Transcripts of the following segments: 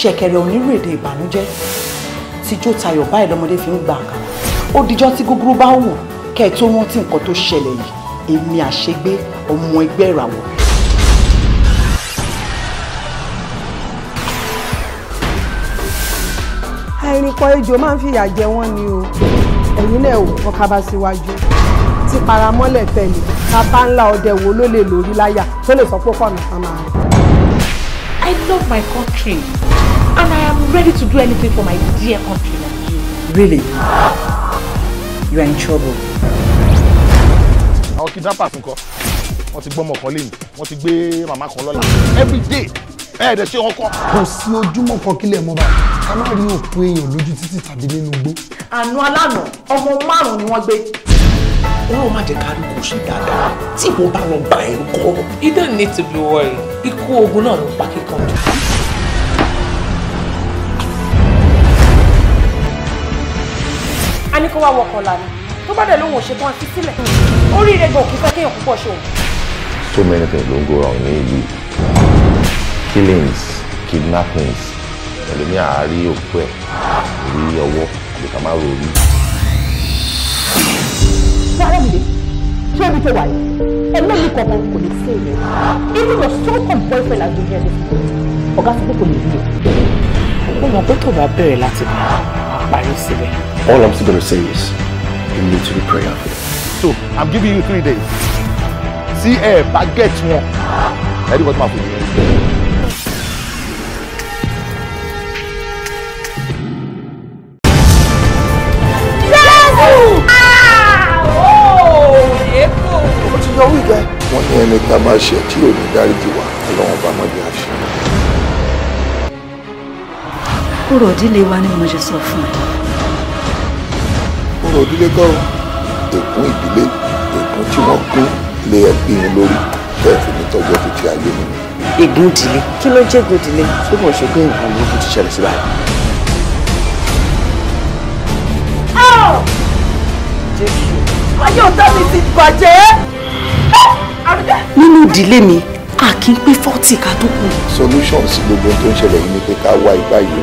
ṣẹ̀kẹ̀rẹ̀ onírú èdè ìbànújẹ́ tíjó tayọ̀ báyìí lọ́mọdé fi ń gba àkàrà ó dijọ́ tí gúgúrú bá wù kẹ́ tó rántí nǹkan tó ṣẹlẹ̀ yìí èmi àṣegbé ọmọ ẹgbẹ́ ìràwọ̀. àìrìnkọ ejò máa ń fìyà jẹ wọ́n ni o ẹ̀yin náà ò kọ́ kábà síwájú ti paramọ́lẹ̀ tẹ̀lé bàbá ńlá ọdẹ wo ló lè lórí láyà tó lè sọ pé fọ́ọ̀nù kan máa. I love my country. And I am ready to do anything for my dear country Really? You are in trouble. Àwọn kidnappers nǹkan, wọ́n ti gbọ́ ọmọ kan léyìn, wọ́n ti gbé màmá kan lọ́la. Every day, ẹ̀ẹ́dẹ̀ ṣé wọ́n kọ́. Kò sí ojúmọ́ kan kílẹ̀ mọ́ báyìí, ká má rí òkú èèyàn lójú títì tàbí nínú igbó. Àná alánà, ọmọ márùn-ún ni wọ́n gbé ọlọ́run má jẹ́ ká rí kò ṣe dáadáa tí ìwọ bá lọ bá ẹ̀ kọ́. you don't need to be worried ikú ogun náà ló pa kíkan jù. kó wá wọkọ̀ lànà tó bá dẹ̀ lóhùn òṣèkún àfi sílẹ̀ orí rẹ̀ gan fẹ́ kéèyàn púpọ̀ ṣe òun. so many things ló ń go wrong ní ìlú killings kidnappings ẹlòmíà àárí òkú ẹ̀ orí ọwọ́ àbí ká má ro orí. sáréǹde ṣé ibi tó wà yìí ẹlẹ́yìn kọ̀ọ̀kan kò lè sí ìrẹ̀ even your so called boyfriend has been here this morning ọ̀gá sí pé kò lè rí o. ó mọ pé tó bá bẹ̀rẹ̀ láti parí síbẹ̀. All I'm still going to say is, you need to be praying for them. So, I'm giving you three days. See, eh, baguette one. That is what my food is. Eh? wọ́n ní ẹni tá a máa ṣe tí ò ní dáríjì wá ọlọ́run bá mọ́jú àṣẹ. kúrò ìdílé wa ni mo ṣe sọ fún ẹ ègún ìdílé kọ́ ègún ìdílé ègún tí wọ́n kún lé ẹbí yín lórí bẹ́ẹ̀ fi ní tọ́jọ́ fi ti ayé mi. ègún ìdílé kí ló jẹ́ ègún ìdílé tó mọ̀ ṣe pé ègún burúkú ti ṣẹlẹ̀ sí báyìí. ayé ọ̀tá mi ti bàjẹ́. nínú ìdílé mi a kì í pé fọ́ọ̀tì ká tó kù. solution sí gbogbo ohun tó ń ṣẹlẹ̀ yìí ni pé ká wá ibà yìí.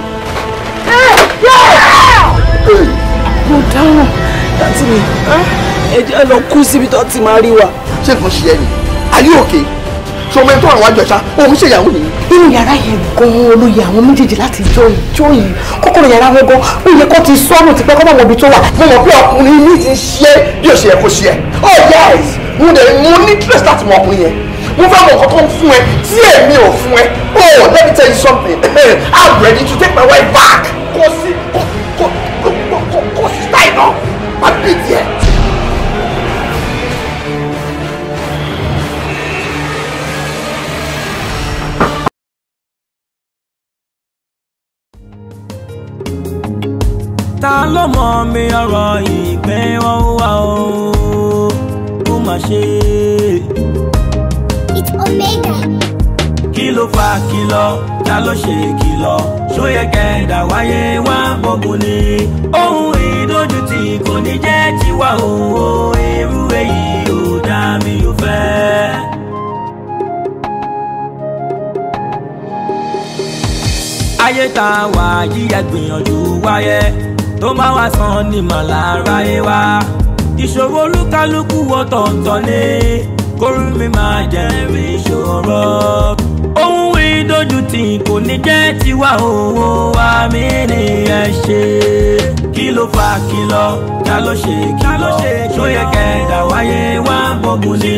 Hey! mo dáràn láti mi ẹjẹ lọ kú síbi tó ti máa rí wa. ṣé nǹkan ṣe ẹ ni ayé òkè sọmọ ẹ tó àwọn àjọṣà òun ṣèyàwó nìyí. nínú yàrá yẹn gan-an olóye àwọn méjèèjì láti jọ ìjọ yìí kọ́kọ́rọ́ yàrá wọn gan ó yẹ kó ti sọ́nù tipẹ́ kó báwọn ibi tó wà. mo mọ̀ pé ọkùnrin mi ti ṣe bí ó ṣe yẹ kó ṣe ẹ oh yes mo dẹ̀ mo ní interest láti mọ ọkùnrin yẹn mo fẹ́ mọ nǹkan tó ń fún ẹ tí èmi ò fún ẹ oh let me tell you something i'm ready to take my wife back kó sí kó náà má bí tiẹ̀. ta ló mọ̀ mi ọ̀rọ̀ ìgbẹ́ wọn wá o kó má ṣe. kí ló fa kìlọ̀ ta ló ṣe kìlọ̀ ṣó yẹ kẹ́ẹ̀dá wáyé wá bọ́gùn ni ohun dójú tì kò ní jẹ́ tiwa òwò irú èyí ò dá mi ló fẹ́. ayé tá a wà yíyẹ gbìyànjú wáyé tó máa wá san ní màlára yé wa ìṣòro olúkálùkù wọ́tọ̀ọ̀tọ̀ ni kórìí mi máa jẹ́ ìṣòro. ohun dùn tí kò ní jẹ́ tiwa òwò wa mí ni ẹ ṣe. kí ló fà kí lọ ta ló ṣe kí lọ tó yẹ kẹta wáyé wá bọ̀gùn ní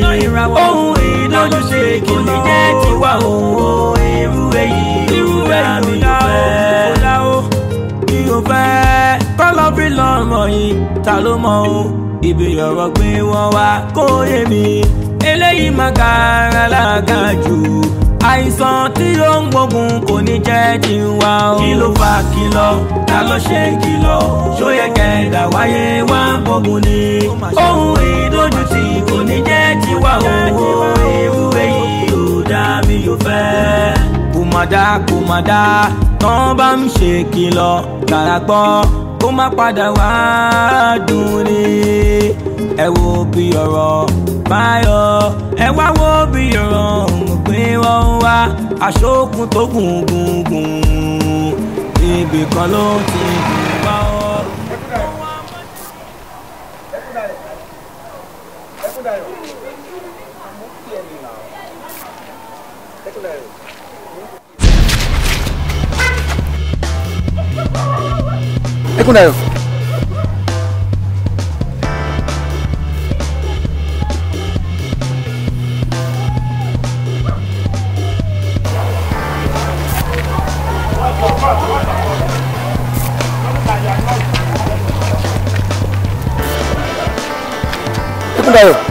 ohun ìdójúṣe kò ní jẹ́ tiwa òwò irú èyí irú èyí láwọ mi ò fẹ́ kọ́lọ́bí lọ́mọ yìí ta ló mọ̀ o ibi ọ̀rọ̀ gbé wọn wá kó yé mi eléyìí má kára lága jù àìsàn tí ó ń gbógun kò ní jẹ́ tiwa o. kí ló fà kìlọ̀ ta ló ṣe kìlọ̀ ṣó yẹ kẹ̀dà wáyé wá ń gbógun ni. ohun ìdójútì kò ní jẹ́ tiwa o. ìwé yìí ò dá mi yóò fẹ́. kò má dá kò má dá tán bá ń ṣe kìlọ̀ gbàgbọ́ kó má padà wá dùn ni ẹ wo bí ọ̀rọ̀ báyọ̀ ẹ wá wo bí ọ̀rọ̀ òun aṣókun tó gùn gùn gùn ibì kan ló ti gùn wá ọ. Ẹkúndayọ̀. Ándale.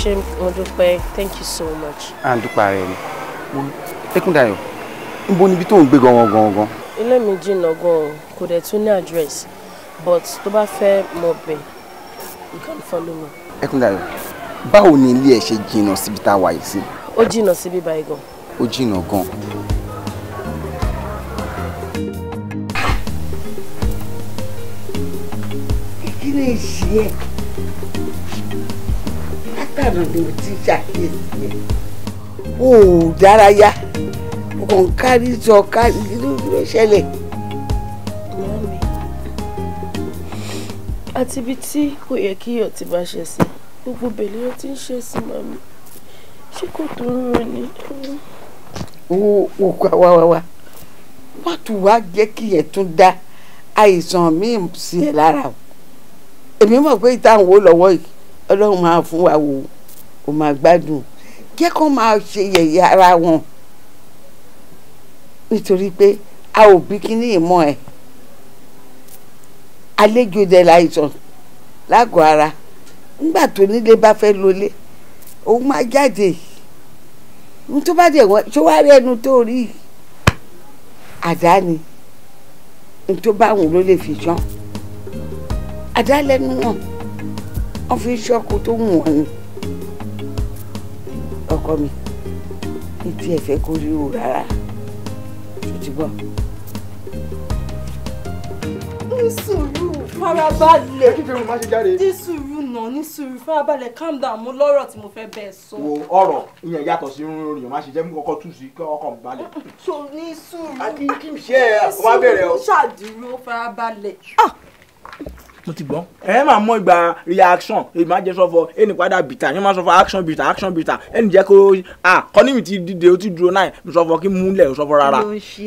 ṣé mo dúpẹ́ thank you so much. A ń dúpẹ́ rẹ ni Tẹ́kúndayọ̀ níbo níbi tó ń gbé gangan gangan. ilé mi jìnnà gan kò dẹ̀ tún ní address but tó bá fẹ́ mọ̀ bẹ̀ you can follow me. Ekun-dayo, báwo ni ilé ẹ ṣe jìnnà síbi tá a wà yìí sí. ó jìnnà síbi báyìí gan. ó jìnnà gan. kí ìṣe ẹ. dànù ni mo ti ṣàkíyèsí yẹn o ò dárayá o kàn ń kárí sọ kárí lórí rẹ ṣẹlẹ̀. mọ́mi àti ibi tí kò yẹ kí iyọ̀ ti bá ṣe sí gbogbo bèlè ó ti ń ṣe sí mọ́mi ṣé kò tó ń rìn ní. o ò kọ́ wa wa wa má tún wá jẹ́ kí ẹ̀ tún dá àìsàn míì sí ẹ lára o èmi mọ̀ pé ìtàn wo lọ́wọ́ yìí ọlọ́run máa fún wa wò ó máa gbádùn jẹ́ kó máa ṣe yẹ̀yẹ́ ara wọn nítorí pé a ò bí kíní ìmọ̀ ẹ̀ àlejò dẹ̀ láìsàn lágọ̀ọ́ ara nígbà tó nílé bá fẹ́ lọlé òun máa jáde ní tó bá dẹ̀ wọ́n ṣé wàá rí ẹnu tó rí àdá ní tó bá wù ló lè fi ṣán àdá lẹ́nu wọn wọ́n fi ṣọ́ọ̀kù tó wù wọ́n ni ọkọ mi ní tí ẹ fẹ́ kó rí o rárá tó ti bọ̀. ní sùúrù farabalẹ̀ ní sùúrù náà ní sùúrù farabalẹ̀ calm down mo lọ́rọ̀ tí mo fẹ́ bẹ́ẹ̀ sọ. wo ọ̀rọ̀ ìyẹn yàtọ̀ sí irun orin má ṣe jẹ́ kọ́kọ́ tú sí ọkàn balẹ̀. so ní sùúrù ní sùúrù ṣàdúró farabalẹ̀. Ah! mo ti gbọ́. ẹ máa mọ ìgbà reaction èyí máa jẹ sọfọ ẹnì padà bìtà ẹni máa sọfọ action bìtà action bìtà ẹnì jẹ́ kó a kọ́ni mi ti dìde ó ti dúró náà mi sọfọ kí mú lẹ̀ sọfọ rárá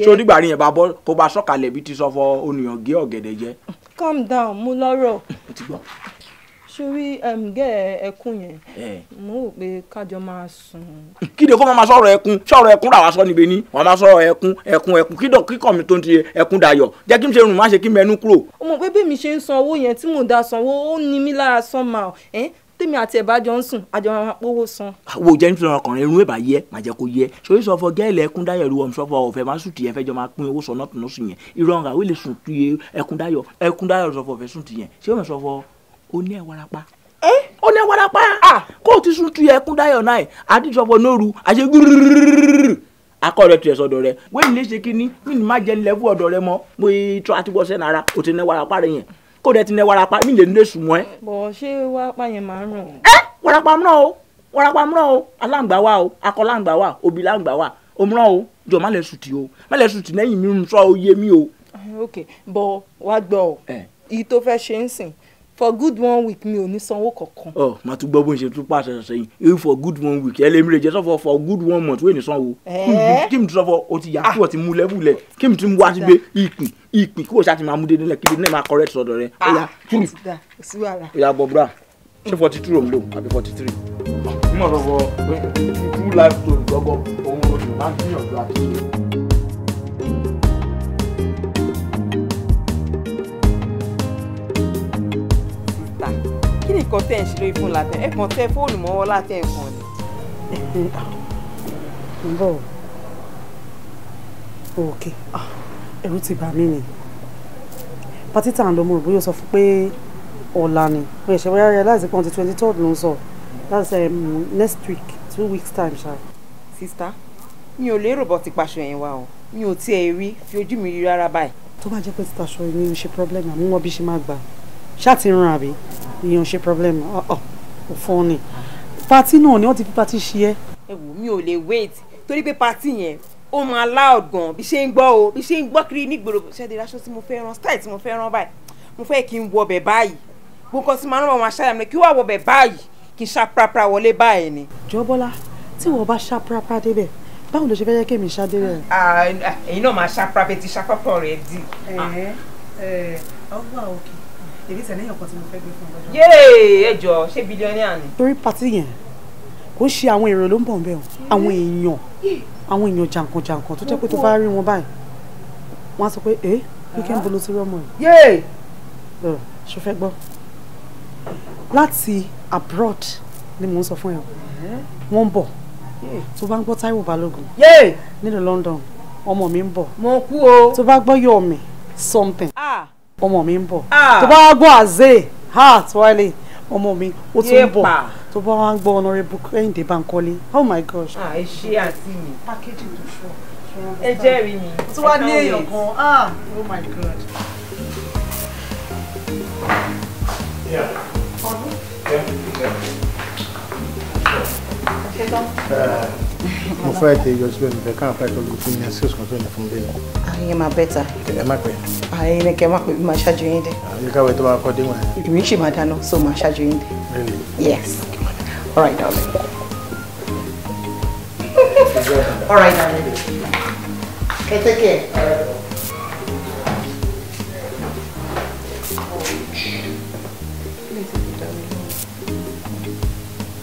so nígbà yẹn bá bọ́ kó bá sọ̀kalẹ̀ bí ti sọfọ onìyàn gé ọ̀gẹ̀dẹ̀ jẹ. calm down mo lọ́rọ̀. mo ti gbọ́ sórí gẹ́ ẹkún yẹn mo rò pé kájọ máa sùn. kíde kó máa sọ̀rọ̀ ẹkún sọ̀rọ̀ ẹkún rà wá sọ níbi ní wàá máa sọ̀rọ̀ ẹkún ẹkún ẹkún kídọ̀ kíkọ̀ mi tó ń ti ẹkún dayọ̀ jẹ́ kí n ṣe rùn má ṣe kí mẹ́nu kúrò. o mọ̀ pé bí mi ṣe ń san owó yẹn tí mò ń da sanwó ó ní mi lára san máa ẹ́ tèmi àti ẹ̀ bá jọ ń sùn àjọ máa pówó san. Ah, wo jẹ́ nítorí ọkùnrin irun ẹ̀bà yẹ màá jẹ́ kó yẹ sori sọ fọ gẹ́ẹ̀lì ẹkúndáyọ̀ ìlú ọ̀hún sọfọ ọ̀fẹ́ máa sùn tìyẹn fẹ́jọ́ máa pín owó sọ náà tún lọ́sùn yẹn irọ́ àwọn èlé sùn tìyẹ ẹkúndáyọ̀ ẹkúndáyọ̀ sọfọ ọ̀fẹ́ sùn tìyẹn ṣé o mọ̀ sọfọ o ní ẹ warapa. ẹ o ní ẹ warapa. kó o ti sùn tu ẹkún dáyọ̀ náà ẹ̀ àdìsọ́fọ̀ nóru àṣẹ gbúrúrúrúrú akọ rẹ tiẹ̀ sọ́dọ̀ rẹ wẹ́n ní ṣe kínní mí ni má jẹ́ lẹ́fù ọ̀dọ̀ rẹ mọ́ mo tọ́ àti bọ́ sẹ́nu ara o ti ní warapa rẹ yẹn kó o dẹ ti ní warapa mí lè ní èsù mọ́ ẹ. bọ̀ ṣé warapa yẹn máa ń ràn. ẹ warapa mìíràn o warapa mìíràn o aláǹgbá wa o akọ láǹgbá wa òbí láǹgbá wa òmìíràn o jọ má lẹ sùtì o má lẹ sùtì lẹ́yìn mi ń sọ oyé mi o. ok bọ wá gbọ́ ọ èyí tó fẹ́ ṣe ń sìn for good one week mi ò ní sanwó kankan. ọ oh, màá tún gbọ́ bó ń ṣe tún pàṣẹ sẹ́yìn if for good one week ẹlẹ́mi lè jẹ́ sọ́fọ̀ for good one month wẹ́ẹ̀ ní sanwó. kí mi tún sọ́fọ̀ o ti yà kí wọ́n ah. ti mú lẹ́bùlẹ̀ kí mi tún wá síbi ìpín ìpín kí wọ́n ṣáà ti máa mú dé nílẹ̀ kí ibi náà máa correct sọ̀dọ̀ rẹ̀ ó yà ah, ṣé forty two òun lò àbí forty three. mo sọ fọ two life story gbọ́gbọ́ òun ò sì máa ń gbìyànjú àti nǹkan tẹ́ ẹ̀ ń ṣe lórí fóònù látẹ̀ ẹ̀ kàn tẹ fóònù mọ́wọ́ látẹ̀ ẹ̀ kàn ni. ń bọ̀ òkè ah, ẹ̀rù ti bà mí ni pátí tá à ń lọ mo rò bóyá sọ fún pé ọ̀la ni mo ṣẹ̀ṣẹ̀ wáyà rẹ̀ láti pọ́n ti twenty third ló ń sọ that's um, next week two weeks time ṣá. sista mi ò lérò bọ́ ti paṣọ yẹn wa o mi ò tiẹ̀ rí fi ojú mi rí rárá báyìí. tó bá jẹ́ pé ti taṣọ yẹn ni o ṣe problem àmúwọ́n bí ṣe máa gbà á ṣáàtì ràn àbí ìyẹn ò ṣe problem ọ̀ ò fọ́n ni pati náà ni wọ́n ti fi pati ṣe ẹ́. ẹ wò mí ò lè wait torí pé pati yẹn ó máa loud gan bí ṣe ń gbọ́ o bí ṣe ń gbọ́ kiri nígboro ṣẹ́ẹ́dì aṣọ tí mo fẹ́ rán style tí mo fẹ́ rán báyìí mo fẹ́ kí n wọ bẹ̀ báyìí gbogbo tí màá rán wọn aṣáájú mi kí wàá wọ bẹ̀ báyìí kí n ṣàprápra wọlé báyìí ni. jọbọlá tí wọn bá ṣàprápra débẹ̀ báwo ló ṣe fẹ́ yẹ kí èmi ṣá débẹ̀. Ah, ah, ẹ̀yin náà máa ṣàprápẹ́ ti ṣàprápọ̀ rẹ̀ dì èmi tẹ̀lé èèyàn kan tí mo fẹ́ gbé fún ọ lọ́jọ́. yéè ẹ jọ ṣé bílíọ̀nìà ni. torí pati yẹn kò ṣe àwọn èèyàn ló ń bọ̀ ń bẹ̀ o àwọn èèyàn àwọn èèyàn jàǹkànjàǹkàn tó jẹ́ pé tó bá rí wọn báyìí wọ́n á sọ pé ẹ weekend bolo ti yìí. yéè fẹ́ gbọ́ láti abroad ni mò ń sọ fún ẹ mm-hmm. wọ́n ń bọ̀ tó bá ń gbọ́ Táíwò Balógun nílùú London ọmọ mi ń bọ̀ mo kú o tó bá gbọ́ Yọ̀mí something. Ah ọmọ mi ń bọ̀ ah. tó bá wá gbọ́ àzẹ́ heart wálé ọmọ mi ó tún ń bọ̀ tó bá wá gbọ́ honorable kẹ́hìndé bankole oh my gosh. àìṣe ah, àti mi pákéjì tó ṣọ ẹ jẹ́rìí mi tó wá ní èèyàn kan ah oh my god. Yeah. Pardon? Yeah. Yeah. Yeah. Yeah. Yeah. Yeah. Yeah. Yeah mo fẹ́ tẹ yọ síbẹ̀ nífẹ̀ẹ́ káwọn fẹ́ tọ́jú fún mi àṣìṣe kan tó yẹ fún bẹ́ẹ̀. àyè máa bẹ́ta. ẹ má pẹ́. àyè ni kẹ́ máa pẹ́ bí máa ṣáájú yín dé. àyè káwé tó bá kọ́ dé wọn. èmi ṣì máa dáná so máa ṣáájú yín dé. really. yes all right darling. all right darling. ẹ tẹ́kẹ̀.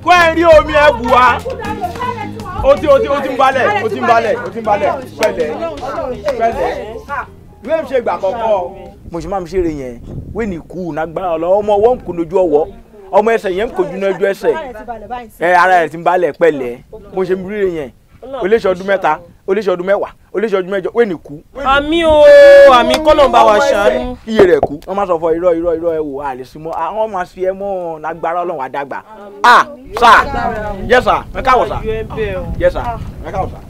kó ẹ rí omi ẹ bù wá o ti o ti o ti ń balẹ̀ o ti ń balẹ̀ o ti ń balẹ̀ pẹ̀lẹ́ pẹ̀lẹ́ ìwé mi ṣe gbà kọ̀kọ́. mo ṣe máa ń ṣeré yẹn wé ní kú nágbára ọlọ ọmọ ọwọ́ ń kó lójú ọwọ́ ọmọ ẹsẹ̀ yẹn ń kó lójú ẹsẹ̀ ẹ ara rẹ̀ ti ń balẹ̀ pẹ̀lẹ́ mo ṣe ń rí yẹn olóṣèlú mẹ́ta oníṣẹ́ ọdún mẹ́wàá oníṣẹ́ ọdún mẹ́jọ wẹ́ẹ̀nì kú. àmì o àmì kọ́lọ̀ǹba wa ṣàánú. iye rẹ̀ kú wọ́n máa sọ fọ irọ́ irọ́ irọ́ ẹ wò á lè sí mọ́ àwọn máa fi ẹ mọ́ lágbára ọlọ́run àdàgbà. a sà yẹ sà ẹ káwọ̀ sà yẹ sà ẹ káwọ̀ sà.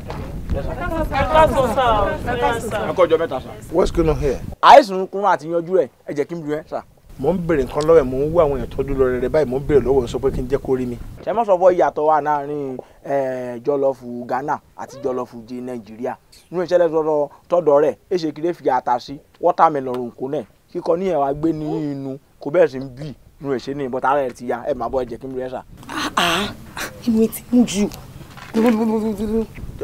ẹ kọjọ mẹ́ta sà. what's going on here. àìsàn kúnra àti yanjú rẹ̀ ẹ jẹ́ kí n bí rẹ̀ sà mò ń bèrè nǹkan lọ́wọ́ ẹ̀ mò ń wá àwọn èèyàn lọ rẹ̀ báyìí mò ń bèrè lọ́wọ́ sọ pé kí n jẹ́ kó rí mi. ṣé mo sọ fọ ìyàtọ̀ wà láàrin jọlọ́fù Ghana àti jọlọ́fù di Nàìjíríà nínú ìṣẹ̀lẹ̀ tọ́dọ̀ tọ́dọ̀ rẹ̀ èṣe kiri fi ata sí wọ́tàmẹlọ̀n òǹkó náà kíkọ ní ẹ̀wà gbé ní inú kò bẹ́ẹ̀ sí ń bì nínú ìṣe ní ìbọn tààrà ti ya ẹ̀ máa bọ́ ẹ̀jẹ̀ kí n rí ẹ̀ sà. Ah,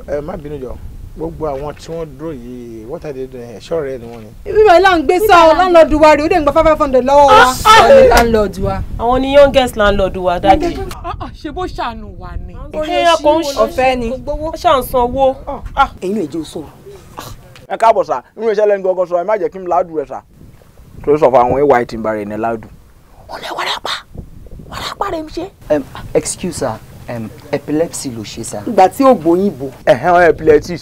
ah, gbogbo àwọn tí wọ́n dúró yìí wọ́n tàdé ẹ̀ṣọ́ rẹ̀ ni wọ́n ni. bíbá ilá ń gbé sá ọ landlord wa rè ó dẹ̀ ń gba five hundred lọ́wọ́ wa. àwọn ah, ni ah, ah. landlord wa. àwọn ni youngest landlord wa dájú. ṣe bó ṣàánú wa ni. èèyàn kò ń ọ̀fẹ́ ni ó ṣàǹsán owó. ẹ̀yin lè jẹ́ o sọ̀rọ̀. ẹ káàbọ̀ sá nínú iṣẹ́ lẹ́nu gbọ́ngàn sọ ẹ má jẹ́ kí n láàdù rẹ̀ sá. torí sọ fún àwọn ìwà excuse sir Um, epilepsy ló ṣe sá. ìgbà tí ò gbóyìnbó. ẹ̀hẹ́n epilepsy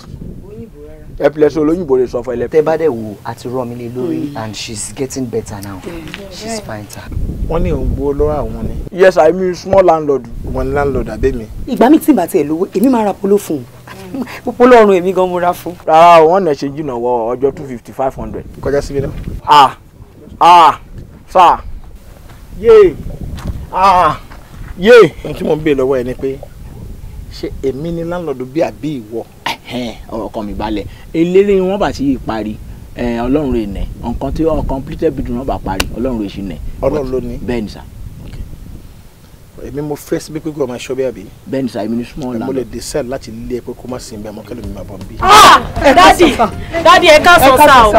epilepsy olóyìnbó lè sọ fún ẹlẹ́pì. tẹ bá dẹ̀ wo àti rọmílẹ̀ lórí mm. and she's getting better now yeah. she's fine ta. wọ́n ní òǹgbò lọ́wọ́ àwọn ni. yes i mean small landlord wọn landlord àbẹ́mi. ìgbà mi tí bàtà ẹ̀ lówó èmi máa ra polo fún un púpọ̀ mm. lọ́rùn èmi gan múra fún. rárá o wọn nà ṣe jìnnà wọ ọjọ́ two fifty five hundred. kọjá síbi náà. ah ah sir yéé ah yé ohun tí mò ń bè lọ́wọ́ ẹ ni pé ṣé èmi ni láńlọ́ọ̀dù bí àbí ìwọ. ọ̀rọ̀ mi balẹ̀ eléré wọn bá ti parí ọlọ́run rẹ̀ nẹ̀ nǹkan tí completed bid wọn bá parí ọlọ́run rẹ̀ sì nẹ̀. ọlọ́run ló ní bẹ́ẹ̀ ni sà. èmi mo fẹ́ sí pé kókò ọmọ ẹ̀ṣọ́ bí àbí. bẹ́ẹ̀ ni sà èmi ni súnmọ́ ọ̀la. mo lè decide láti lé ẹ pé kó má sin bí àmọ́ kẹ́lẹ́ mi máa bọ̀ bí. dádì dádì ẹ káàsán sà o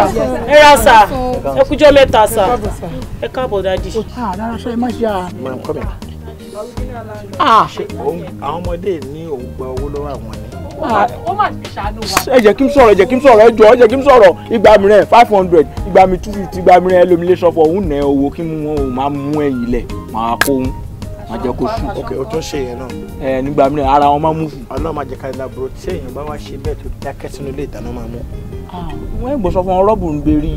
ẹ ra sà ẹ kújọ́ mẹ́ta sà ẹ káàbọ̀ ah, dádì. rárá ẹ má ṣe à. Ah, òun àwọn ọmọdé ní òun gba owó lọ́wọ́ àwọn ni. Ah. ó mà ti ṣàánú wa. ẹ five hundred ìgbà mi two fifty ìgbà mìíràn ẹlòmí lè sọ fún òun nẹ owó kí wọn ò máa mú ẹ̀yìn lẹ̀ máa kó òun máa jẹ́ kó sùn. ok o tún ṣe yẹn náà. ẹ nígbà wọn bro tí èèyàn bá wá ṣe bẹ́ẹ̀ tó dákẹ́ sínú ilé ìdáná máa mú. Ah. wọ́n ń gbọ́ sọ fún wọn rọ́ọ̀bù ń berí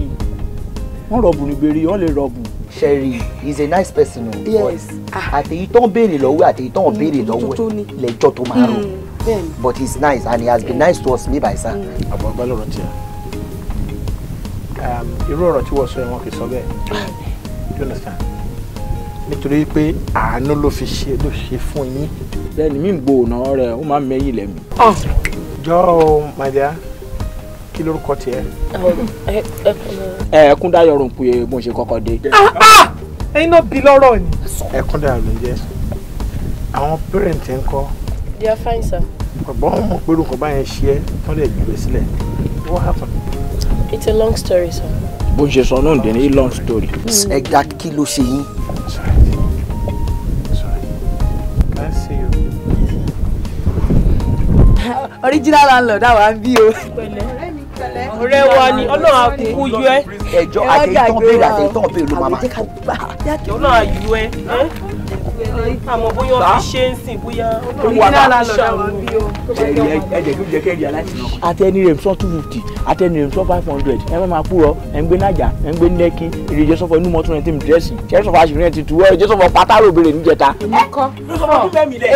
wọ́n rọ́ọ̀bù ń berí wọ́n lè rọ́ọ̀bù Sherry is a nice person o yes àtẹ̀yí tó ń béèrè lọ́wọ́ àtẹ̀yí tó ń béèrè lọ́wọ́ lẹ́jọ́ tó máa rò mm, but he is nice and he has been nice to us ní bàyìí sá. àbọ̀ ọgbà lọ́rọ̀ tiẹ̀ um, irú ọ̀rọ̀ tí wọ́n sọ yẹn wọ́n kì í sọ bẹ́ẹ̀ you understand nítorí pé àánú ló fi ṣe ló ṣe fún yín. bẹ́ẹ̀ni mi ń gbóòórùn rẹ ó máa ń mẹyìn lẹmi. Ah. jọ o my dear kí lórúkọ tiẹ̀. Ẹ̀kúndayọ̀ rò ń pè mo ṣe kọ́kọ́ dé. Ah, ah! ẹyin náà bí lọ́rọ̀ ni. Ẹ̀kúndayọ̀ ló ń jẹ́ àwọn pẹ́rẹ́ǹtì ń kọ́. they are fine sir. ọ̀gbọ́n wọn mọ̀ pé orúkọ báyẹn ṣe é tán lè gbé e sílẹ̀ what happened. it's a long story sir. bó ṣe sọ náà dé ní long story. Hmm. ẹja kí ló ṣe yín. original landlord àwa ń bí o ọ̀rẹ́ wa ni ọlọ́run àkùkù yọ ẹ́. ẹjọ́ àtẹ̀yìntàn bèrè àtẹ̀yìntàn bèrè ló máa máa tó. ọlọ́run àyù ẹ́ àmọ́ bóyá wọ́n fi ṣe ń sìn bóyá oníkíná la lọ́dọ̀ wọn bí o. ẹ̀jẹ̀ tó jẹ́ kẹ́rì aláìsàn. àtẹni rẹ̀ sọ two fifty àtẹni rẹ̀ sọ five hundred ẹ fẹ́ máa kúrọ ẹ ń gbé nájà ẹ ń gbé lẹ́kí ìrìnjẹ sọfọ inú mọ́tò rẹ̀ tí mi dírẹ́sì ṣẹ́rí sọfọ aṣèwìn rẹ̀ ti tu ẹ̀jẹ̀ sọfọ pátárò bèrè níjẹta.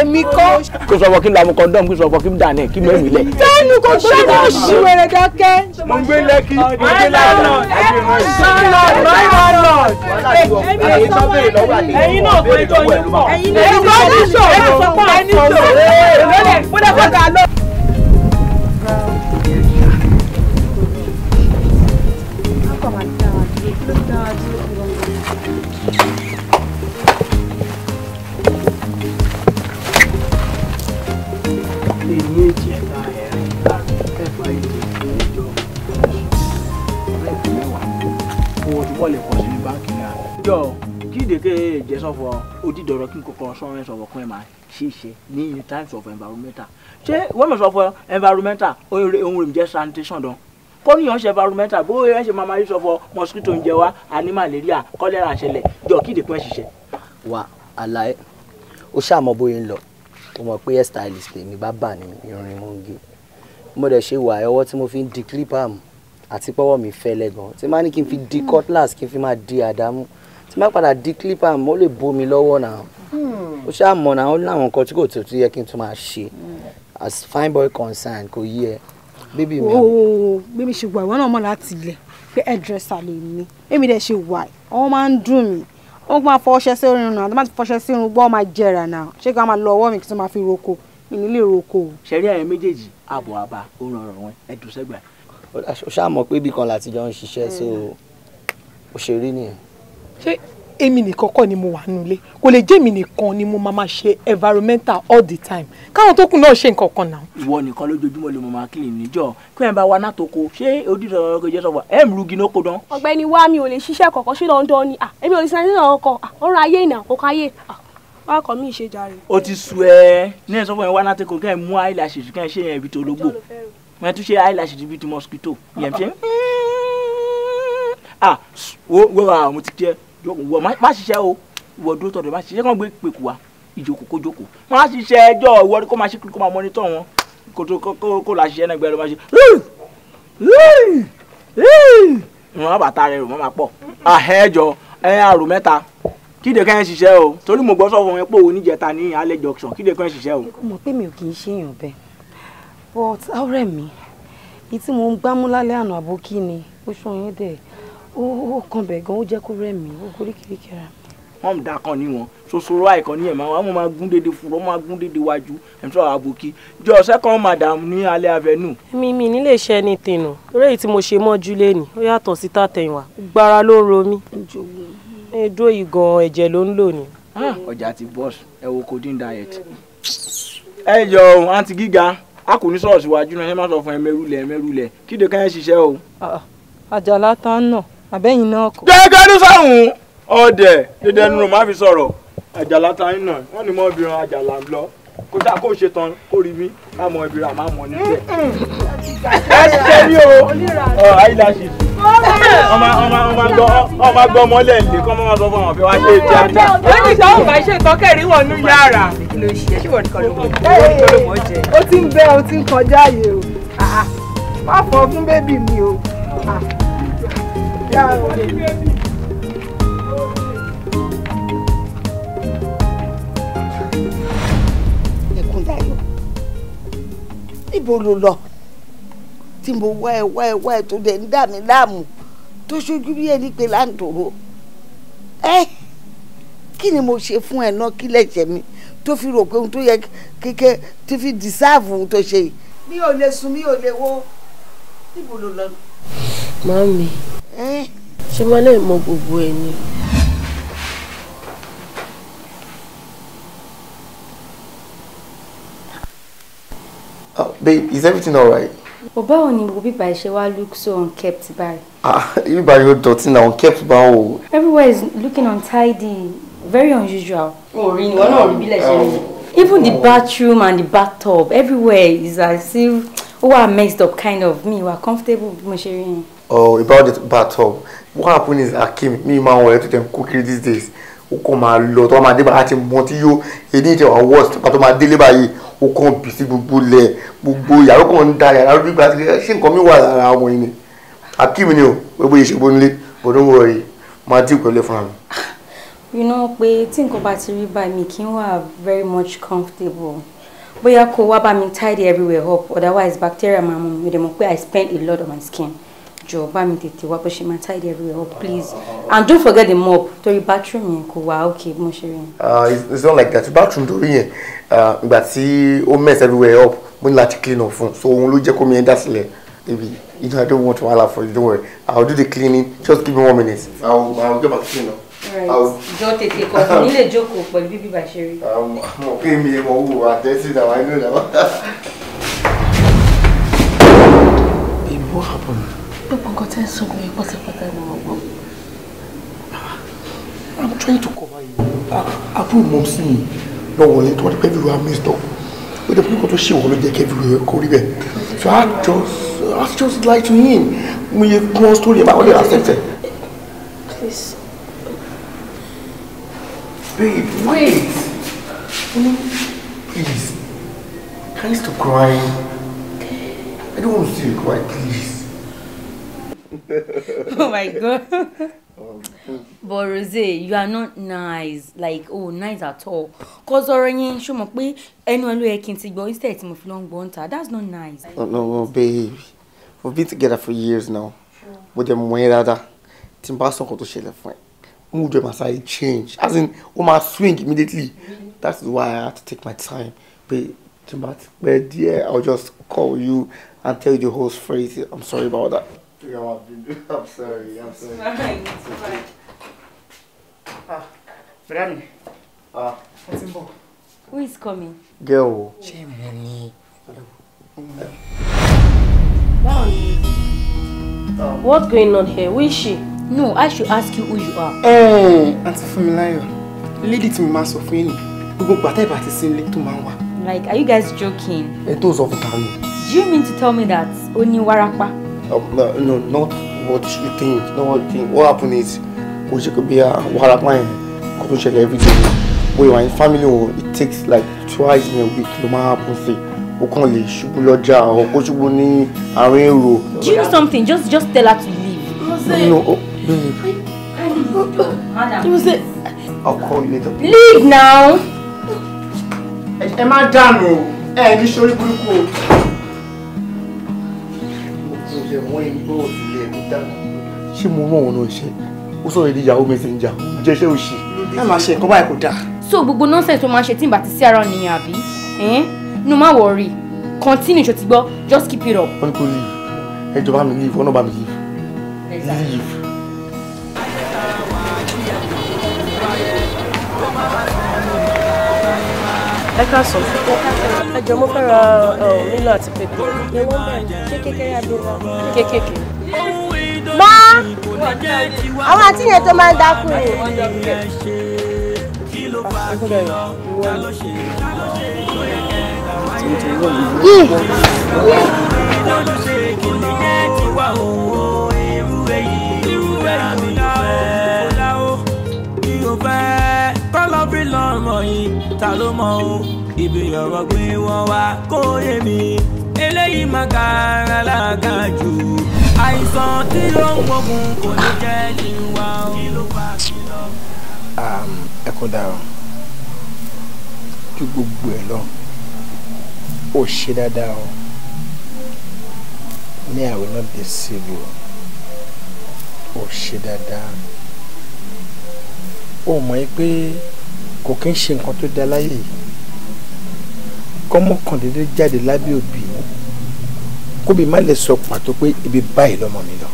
èmi kọ́ kó sọfọ kí n lamu kọ́ndọ́m kí sọfọ kí n dà náà kí mẹ́mi lẹ̀. sẹ́nu kò sẹ́nu òṣìwèrè dákẹ́. mo ń mo gbé lánàá. ẹ̀yin náà pọ̀ ẹ̀yin ní ìlú ẹni sọ̀rọ̀ ẹni sọ̀rọ̀ èlò lẹ̀ fúnlẹ̀ fọ́gà lọ. wọ́n lè pọ̀ sí ní báńkì náà. jọ kí ìdèkè jẹ sọ́fọ̀. Odi di dọ̀rọ̀ kí n kò concerns of ọkùnrin máa ṣe iṣẹ́ ní in times of environmental ṣé wọ́n mọ̀ sọ fún environmental ohun rẹ̀ jẹ́ sanitation dán kọ́ni yàn ṣe environmental bó yẹn ṣe máa máa sọ fún mosquito ń jẹ wá àní malaria kọ́lẹ́rà ṣẹlẹ̀ jọ kí ìdìpọ̀ ẹ̀ ṣiṣẹ́. wà á láyé o ṣàmọ bóyá ń lọ o mọ̀ pé hairstylist èmi bá bà ní irun mo gé mo dẹ̀ ṣe wà ọwọ́ tí mo fi ń di clipper àti pọ́wọ́ mi fẹ́lẹ́ gan tí má ní kí n fi di cutlass kí n fi máa di àdámú Ma padà di clipper mo lè bomi lọ́wọ́ náà hmm. ó ṣáà mọ̀ náà ó láwọn nǹkan tí kò tó tó yẹ kí n tún máa ṣe hmm. as fine boy concern kò yí ẹ bébì mi. ooo bébì ṣùgbọ́n ìwọ náà mọ̀ láti ilẹ̀ pé ẹ̀dírẹ́sà lè mi èmi dẹ̀ ṣe wà ọwọ́ máa ń dùn mí wọ́n máa fọ sí irun náà tó máa fọṣẹ sí irun gbọ́ máa jẹrà náà ṣé kí wọ́n máa lọ ọwọ́ mi kí wọ́n máa fi roko mi nílé roko. ṣẹ̀rí àyẹ̀ méjèèjì ààbò àbá ó ràn ọ̀rọ̀ wọn ẹ̀dùn sẹ́gbà. ó ṣáà mọ̀ pé ibì kan làtijọ́ ń ṣiṣẹ́ so òṣèré hmm. nìyẹn ṣé èmi nìkan kọ́ ni mo wà nílé kò lè jẹ́ èmi nìkan ni mo máa ma ṣe environmental all the time káwọn tó kù náà ṣe nǹkan kan náà. ìwọ nìkan lójoojúmọ́ ló mọ máa clean níjọ kí wọn bá wa náà tó ko ṣé odi ìdọ̀rọ̀ kejì ọ̀sọ̀ wa ẹ̀ ń rugi náà kó dán. ọ̀gbẹ́ni wa mi ò lè ṣiṣẹ́ kọ̀ọ̀kan sí London ni ah, èmi ò lè sinmi nínú ọkọ̀ ọ̀rọ̀ ayé ìnà kò káyé ah, wá kọ́ mi ìṣe jàre. o ti sú ẹ ní ẹ sọ fún ẹ wá náà tó ko kẹ́ ẹ mú eyelashes kẹ́ ẹ ṣe yẹn ibi tó lógbò wọn tún ṣe eyelashes ibi tó mosquito yẹn ṣe ah wo wo wa mo ti wọ má ṣiṣẹ́ o ìwọ dúró tọ̀dọ̀ má ṣiṣẹ́ kàn gbé pèkù wa ìjòkó kó jókòó má ṣiṣẹ́ ẹjọ́ ìwọ kó máa ṣe kó máa mọ́nítọ̀ wọn kó tó kó la ṣiṣẹ́ náà gbẹ́rọ má ṣe ìwọ̀n bàtà rẹ̀ rò má máa pọ̀ àhẹ́jọ ẹ àrò mẹ́ta kíde kan ṣiṣẹ́ o torí mo gbọ́ sọ fún mi pé òun níjẹta ní alẹ́ junction kíde kan ṣiṣẹ́ o. mo pé mi ò kì í ṣèyàn bẹ́ẹ̀ but ọ̀rẹ́ mi ìtí mo ń gbámú lálẹ́ àná àbókí ni ó ṣọyún dẹ̀ ó kan bẹ̀ gan ó jẹ́ kó rẹ̀ mí ó gorí kìrìkì ara mi. wọ́n da kan ní wọn ṣoṣoro àìkan ní ẹ̀ma wọn máa gún dédé fúrọ́ máa gún dédé wájú ẹ̀mí sọ̀rọ̀ àbòkí jọ second madam ní alẹ́ avenue. mi mi nílé iṣẹ́ ni tènù eré yìí tí mo ṣe mọ́jú lẹ́nu ó yàtọ̀ sí tàtẹ̀yìnwá gbára ló ń ro mí. ejò yìí gan ẹ̀jẹ̀ ló ń lò ní. ọjà ti bọ́ọ̀sì ẹ wo codeine diet. ẹ jọ àǹtí gíga a kò ní sọ̀rọ̀ síwájú náà ẹ má sọ fún ẹ mẹ́rù lẹ̀ mẹ́rù lẹ̀ kíde káyọ̀ ṣiṣẹ́ o. Ah, àjàlá tán náà àbẹ́yìn náà kọ. gẹ́gẹ́ ní sáhùn ọ̀dẹ̀ dédé ẹnu rò má fi sọ̀rọ̀ àjàlá ta iná wọ́n ní mọ́ obìnrin àjàlá lọ kó sá kó ṣe tán kó rí mi má mọ ibi rà má mọ níbẹ̀. ẹ ṣiṣẹ́ ní o ọ ayíláṣì ọmọ gbọ́ ọmọlẹ̀ lè kọ́ máa sọ fún àwọn ọ̀fẹ́ wa ṣe é jáde. wọ́n ní ìdáhùn bá ṣe ìtọ́kẹ̀rí wọnú yàrá. kí ló ṣe é ṣé wọ́n ní kọ́ ló jẹ. ó ti ń bẹ́ ó ti ń kọjá ààyè o má fọ fún bébì mi o ẹkún dayọ̀ níbo ló lọ tí mo wá ẹ wá ẹ wá ẹ tó dẹ̀ ń dà mí láàmú tó ṣojú bí ẹni pé láǹdòrò ẹ kí ni mo ṣe fún ẹ náà kí lẹ̀jẹ̀ mi tó fi rò pé ohun tó yẹ kéke tó fi dìsáàfù ohun tó ṣe yìí mi ò lè sùn mi ò lè wo níbo ló lọ. Mami. Eh? Ṣé máa lè mọ gbogbo ẹ ni? Oh, babe, is everything alright? Bàbá ò ní gbogbo bíbá ìṣe wa look so unkept báyìí. Ah, bíbá yóò dọ̀tí na unkept bá o. Everywhere is looking untidy, very unusual. Orí ni wọ́n náà rí bílẹ̀ ṣe rí. Even the bathroom and the bathtub, everywhere is as if ó wà messed up kind of me, wà comfortable bí mo ṣe rí yẹn. Oh, about the bathtub oh, what happened is Akim, me ma wọ ẹ tó them cooking these days ó kàn máa lọ tó máa dé bá àti mọ tí yóò èdè ìjọba worst pàtó máa délé báyìí ó kàn bì sí gbogbo lẹ gbogbo yàrá kan ń da yàrá bí gbà ṣé nǹkan mi wà lára àwọn yìí ni Akeem ni o gbogbo yìí ṣe bó nílé but don't worry máa dín pẹ̀lú ẹ̀ mi. you know pé tí nǹkan bá ti rí báyìí mi kì í very much comfortable bóyá kó wá bá mi tidy everywhere up otherwise bacteria máa mú mi dẹ̀ mọ̀ pé i spend a lot on my skin jọ bá mi tètè wá bó ṣe máa tidy everywhere Oh, please and don't forget the mop torí bathroom yẹn kò wá okay mo ṣe Uh, it's not like that bathroom torí Uh, ìgbà tí ó mess everywhere up mo ní láti clean up fún so òun ló jẹ́ kó mi ẹ̀ dá sílẹ̀ baby you know i don't want wahala for you don't worry I'll do the cleaning just give me one minute I'll, I'll i get back to you now. jọ tètè kọ fún nílé jókòó pẹ̀lú bíbí bàṣẹ rí. mo pè mí ẹ̀ mọ̀ wù what happened fẹ́ sọ mi pátápátá I'm trying to cover you. àbúrò mọ̀ sí i lọ́wọ́ yẹn tó wọ́n ti pẹ́ everywhere mixed up. ó dẹ̀ fún mi kó tó ṣe wọ́n ló jẹ́ kí everywhere So I just I just lie to him. mo yẹ gbọ́n story about wọ́n yẹ accept it. Please. Babe, wait. Please. Can you stop crying? I don't want to see you cry, please. oh my god. Um, mm. but Rose you are not nice like oh nice at all cause ọ̀rọ̀ yẹn ṣó mọ̀ pé ẹnu ẹ ló yẹ ti gbọ́ instead tí mo fi lọ ń gbọ́ ń ta that's not nice. Oh, no no no babe we've been together for years now mo jẹ mọ ẹ dáadáa tí n bá sọ nǹkan tó ṣẹlẹ̀ fún ẹ mood rẹ ma sáré change as in o ma swing immediately mm-hmm. that is why I had to take my time pé tí n bá ti pẹ́ díẹ̀ I will just call you and tell you the whole story I'm sorry about that think I want I'm sorry. I'm sorry. Alright. Alright. Ah, Brani. Ah. What's in Who is coming? Girl. Shame me. What's going on here? Who is she? No, I should ask you who you are. Eh, Auntie Fumilayo. Lady tí mo máa sọ fún yín. Gbogbo ìgbà tẹ́ ẹ bá ti sinle tó Like, are you guys joking? It was of fún Do you mean to tell me that ó Warapa? No, not what you think, not what you think. What happened is, we should be bí a warapa yẹn kò tó ṣẹlẹ̀ everyday. Bó ìwà in family o, it takes like twice in a week ló máa happen sí. O kàn lè ṣubú lọ́jà o, kó ṣubú ní àárín èrò. Do you know something? Just just tell her to leave. No, No, oh, I'll call you later. Leave now. Ẹ má dànù o, ẹ ní sórí burúkú ṣe wọ́n igbó òsìlẹ̀ mi dáná ṣé mo mọ̀ wọn náà ṣe ó sọ̀rọ̀ ìdí ìyàwó messenger ẹ máa ṣe nǹkan báyìí dáa. so gbogbo nonsense tó máa ṣe tí n bá ti sí ara nìyẹn àbí no má worry continue ṣó ti gbọ́ just keep it up. wọ́n kò leave ẹjọ́ mi leave wọ́n bá mi leave leave. ẹ ká sọ. ẹ jọ mo fẹ́ ra mílò um, àti pépé. ìyẹ̀wò bẹ̀rẹ̀ ṣé kékeré àbí ra. kékèké. má àwọn àti yẹn tó máa ń dákú rè. yìí. fi lọ́mọ yìí ta ló mọ̀ o ibi ọ̀rọ̀ gbé wọn wá kó yé mi eléyìí máa ka ara lága jù àìsàn tí ó ń gbógun kò ní jẹ́ kí n wá o. ẹ kó dára ju gbogbo ẹ lọ ó ṣe dáadáa o ní àwẹ̀ náà dé sí o ó ṣe dáadáa ó mọ̀ ẹ́ pé kò kí ń ṣe nǹkan tó da láyé yìí kọ́mọkàndínlẹ́ jáde lábẹ́ òbí kóbi má lè sọ pàtó pé ibi báyìí lọ́mọ mi lọ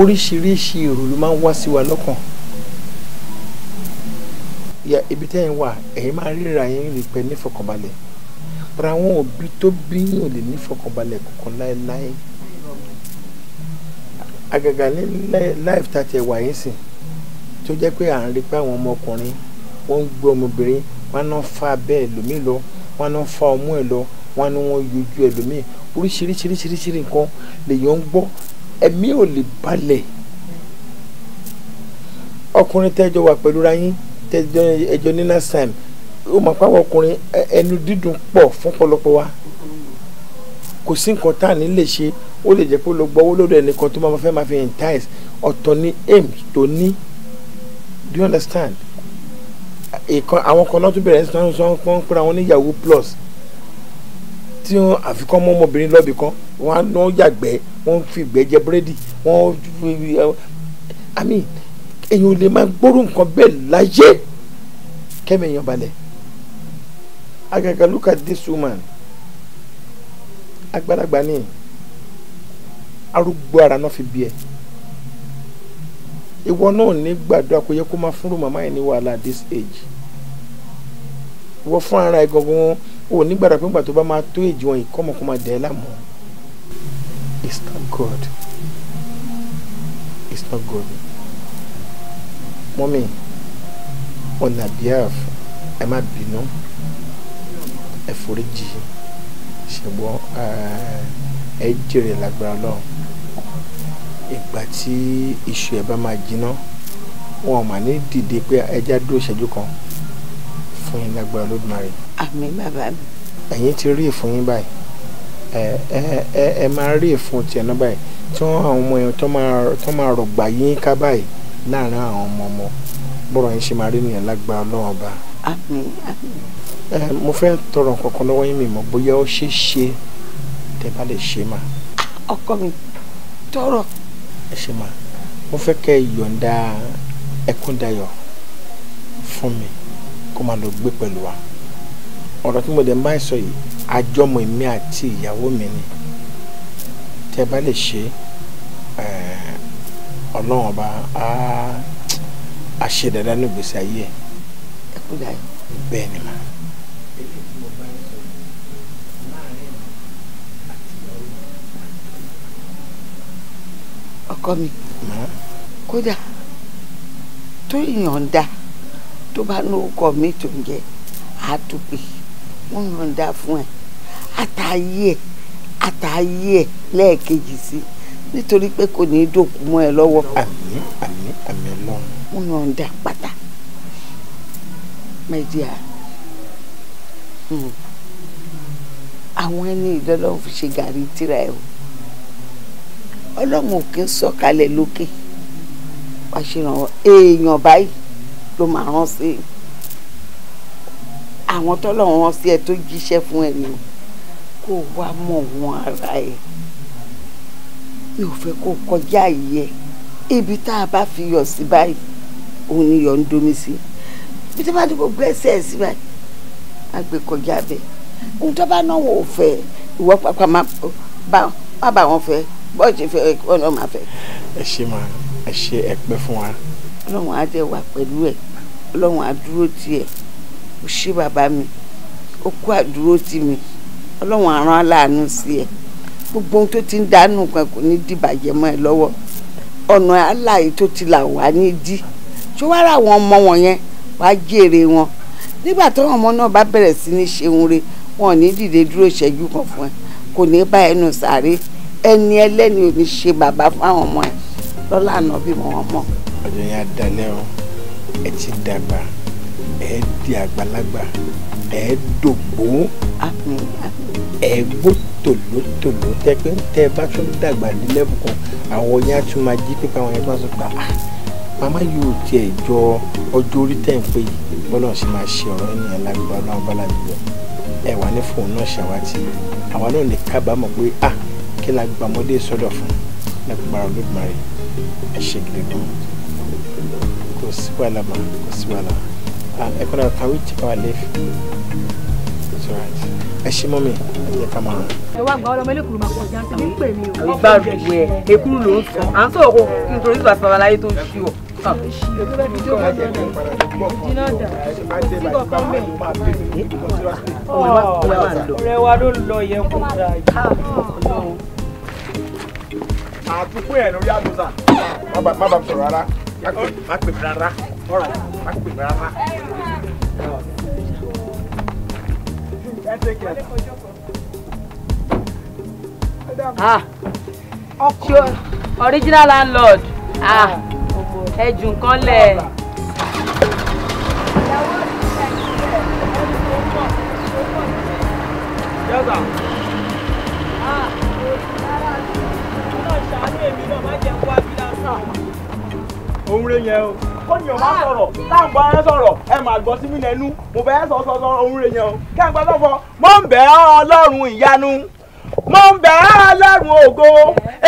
oríṣiríṣi èrò ló máa ń wá sí wa lọ́kàn ya ibi tẹ́yìn wà ẹ̀yin máa ríra yín rí pẹ́ nífọ̀kànbalẹ̀ pẹ̀lú àwọn òbí tó bí yín ò lè nífọ̀kànbalẹ̀ kankan láéláé àgàgà ní láìf tá a ti wà yín sìn tó jẹ́ pé à ń rí pé àwọn ọmọkùnrin wọ́n ń gbé ọmọbìnrin wọ́n náà fa bẹ́ẹ̀ lómi lọ wọ́n náà fa ọmú ẹ̀ lọ wọ́n ní wọ́n yọjú ẹ̀ lómi oríṣiríṣiríṣiríṣi nǹkan lèèyàn ń gbọ́ ẹ̀mí ò lè balẹ̀ ọkùnrin tẹ́jọ wà pẹ̀lú ra yín tẹ́jọ ẹjọ ní last time ó mọ̀ pé ọkùnrin ẹnu dídùn pọ̀ fún pọ̀lọpọ̀ wa kò sí nǹkan tá à ní lè ṣe ó lè jẹ́ pé ó lọ gbọ́ owó lọ́dọ̀ ẹnìkan tó máa fẹ́ máa fi entice ọ̀tọ̀ ní aim tó ní do you understand ìkan àwọn kan náà tún bẹ̀rẹ̀ sí sọ wọ́n ń pera wọn ní yahoo plus tí wọ́n àfikún mọ́ ọmọbìnrin lọ́bì kan wọ́n yàgbẹ́ wọ́n fi ìgbẹ́ jẹ búrẹ́dì wọ́n i mean èyàn ò lè máa gbóró nǹkan bẹ́ẹ̀ láyé kẹ́mi èèyàn balẹ̀ agaga look at this woman àgbàlagbà ni arúgbó ara náà fi bí ẹ ìwọ náà ní gbàdúrà kò yẹ kó máa fúnrú màmá yìí ní wàhálà this age ìwọ fún ara ẹ gangan o ní gbàdúrà pé nígbà tó bá máa tó èjì wọn yìí kọ́ ọmọkùnrin máa dẹ̀ ẹ́ láàmú it's not good it's not good mọ́mí on her behalf ẹ má bínú ẹ foríjì ṣùgbọ́n ẹ jèrè lágbára Ọlọ́run ìgbà tí iṣu ẹ̀ bá máa jiná wọn ò mà ní dìde pé ẹja dúró ìṣẹ́jú kan fún yín lágbára Olódùmarè. àmín bàbá mi. ẹ̀yin ti rí ìfún yín báyìí ẹ ẹ ẹ máa rí ìfún tiẹ̀ náà báyìí tí wọ́n àwọn ọmọ yẹn tó máa rọ̀gbà yín ká báyìí láàárín àwọn ọmọ ọmọ bọ́rọ̀ yín ṣe máa rí nìyẹn lágbára Ọlọ́run ọba. àmín àmín. ẹ mo fẹ́ tọrọ nǹkan kan lọ́wọ́ yín mi mọ̀ bóyá ó ṣeé ṣe tẹ́ bá lè ṣe mà. ọkọ mi tọrọ ẹ ṣe máa mo fẹ́ kẹ́ ẹ yọ̀ǹda Ẹkúndayọ̀ fún mi kó máa lọ gbé pẹ̀lú wa ọ̀rọ̀ tí mo dẹ̀ ń bá sọ yìí àjọmọ̀ èmi àti ìyàwó mi ni tẹ́ bá lè ṣe ọlọ́run ọba á ṣe dáadáa ní ìgbésí ayé ẹ̀ bẹ́ẹ̀ ni màá. ọkọ mi kódà tó yọ̀ǹda tó bá ní orúkọ mi tó ń jẹ àtùpè wọn yọ̀ǹda fún ẹ àtàyè ẹ àtàyè ẹ lẹ́ẹ̀kejì sí nítorí pé kò ní í dòkú mọ́ ẹ lọ́wọ́. àmín àmín àmín Ọlọ́run. wọn yọ̀ǹda pátá my hmm. àwọn ẹni ìdọ́lọ́wọ́ fi ṣe gàrí tíra ẹ o ọlọ́run ò kí ń sọ̀kalẹ̀ lókè wàá ṣèrànwọ́ èèyàn báyìí ló máa rán sí i àwọn tọ́lọ́run rán sí ẹ tó jíṣẹ́ fún ẹ ni o kó o wá mọ̀ wọn ara ẹ mi ò fẹ́ kó o kọjá ìyẹ ibi tá a bá fi yọ̀ sí báyìí òun ni yọ̀ ń domi sí ibi tí wọ́n bá dúró gbẹ́sẹ̀ sí báyìí á gbé kọjá bẹ́ẹ̀ ohun tó bá náà fẹ́ ìwọ má bá wọn fẹ́ bó ṣe fẹ́ kọ́ náà máa fẹ́. ẹ ṣe máa ẹ ṣe ẹ pẹ́ fún wa. ọlọ́run á jẹ́ wà pẹ̀lú ẹ̀ ọlọ́run á dúró tì ẹ̀ ó ṣe bàbá mi ó kó àdúró tì mí ọlọ́run á rán aláàánú sí ẹ̀ gbogbo ohun tó ti ń dánú kan kò ní dìbàjẹ́ mọ́ ẹ lọ́wọ́ ọ̀nà aláì tó ti là wá ní dí tí wàá rà àwọn ọmọ wọn yẹn wàá jèrè wọn nígbà táwọn ọmọ náà bá bẹ̀rẹ̀ sí ní ṣeun re wọn ò ní dìde dúró ìṣẹ́jú kan fún ẹ kò ní bá ẹnu sáré ẹni ẹlẹ́ni ò ní ṣe bàbá fún àwọn ọmọ ẹ lọ́la àná bí wọ́n mọ̀. ọjọ́ yẹn á dalẹ́ o ẹ ti dàgbà ẹ di àgbàlagbà ẹ dògbó ẹ gbó tòlótòló tẹpẹ tẹ bá tún dàgbà nílẹ̀ kan àwọn yẹn á tún máa jí pípa àwọn yẹn bá tún pa ah, màmá yóò tiẹ̀ jọ ọjọ́ orí tẹ̀ ń pè yìí bọ́lá ṣe máa ṣe ọ̀rọ̀ ènìyàn lágbára ọlọ́run bá ẹ̀ wà ní fóònù náà ṣàwátì àwa náà lè kábàámọ̀ pé ah kí la gbàmọ́dé sọ́dọ̀ fún lágbára olódùmarè ẹ ṣe gidi gan kò sí wàhálà mà kò sí wàhálà ẹ kọ́ra kàwé check our life ẹ ṣe mọ́ mi ẹ jẹ́ ká máa rìn. ẹ wá gba ọlọmọ elékùrú máa pọ̀ jáǹtà ní pè mí o. ìgbà rúwẹ́ èkúrú ló ń sọ à ń sọ òkú nítorí ìgbà tí babaláyé tó ń ṣí ọ. ọ̀rẹ́ wa ló ń lọ yẹ kó dáa àtúkú ẹ̀ lórí àgùsà. má bàa sọ̀rọ̀ rárá má pè mí rárá ọ̀rọ̀ má pè mí rárá. ọkọ ah. original landlord ah. ẹ jù nǹkan lẹ̀. Yes, sir. sọ. òun rẹ yẹn o ó ní ọmọ sọ̀rọ̀ táǹgbà ẹ sọ̀rọ̀ ẹ máa gbọ́ sí mi lẹ́nu mo bẹ̀ ẹ́ sọ sọ sọ òun rẹ yẹn o káǹgbà sọ̀fọ̀ mọ̀ ń bẹ̀ ọ́ ọlọ́run ìyanu mo ń bẹ̀ ẹ́ ọlọ́run ògo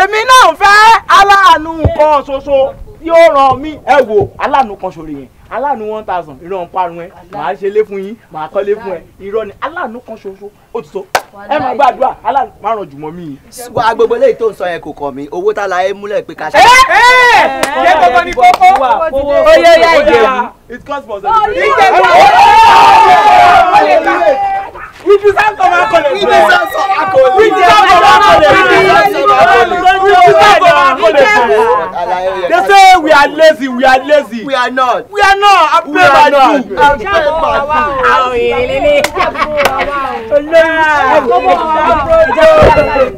èmi náà fẹ́ aláàánú kan ṣoṣo tí ó ràn mí ẹ wò aláàánú kan ṣoṣo yẹn aláàánú one thousand irọ́ ń parun ẹ màá ṣe lé fún yín màá kọ́ lé fún ẹ irọ́ ni aláàánú kan ṣoṣo ó ti sọ ẹ máa gbàdúrà aláàánú máa ràn jùmọ̀ mi. wà á gbogbo eléyìí tó ń sọ yẹn kò kàn mí owó tá la ẹ múlẹ̀ pé ká ṣe. ṣé eh, eh! kókó ni kókó oyè oyè ìjẹ̀bù. it comes for celebration. With his hands over Akole. With his hands over Akole. With his hands over Akole. With They say we are lazy, we are lazy. We are not. We are not. I pray by you. I pray by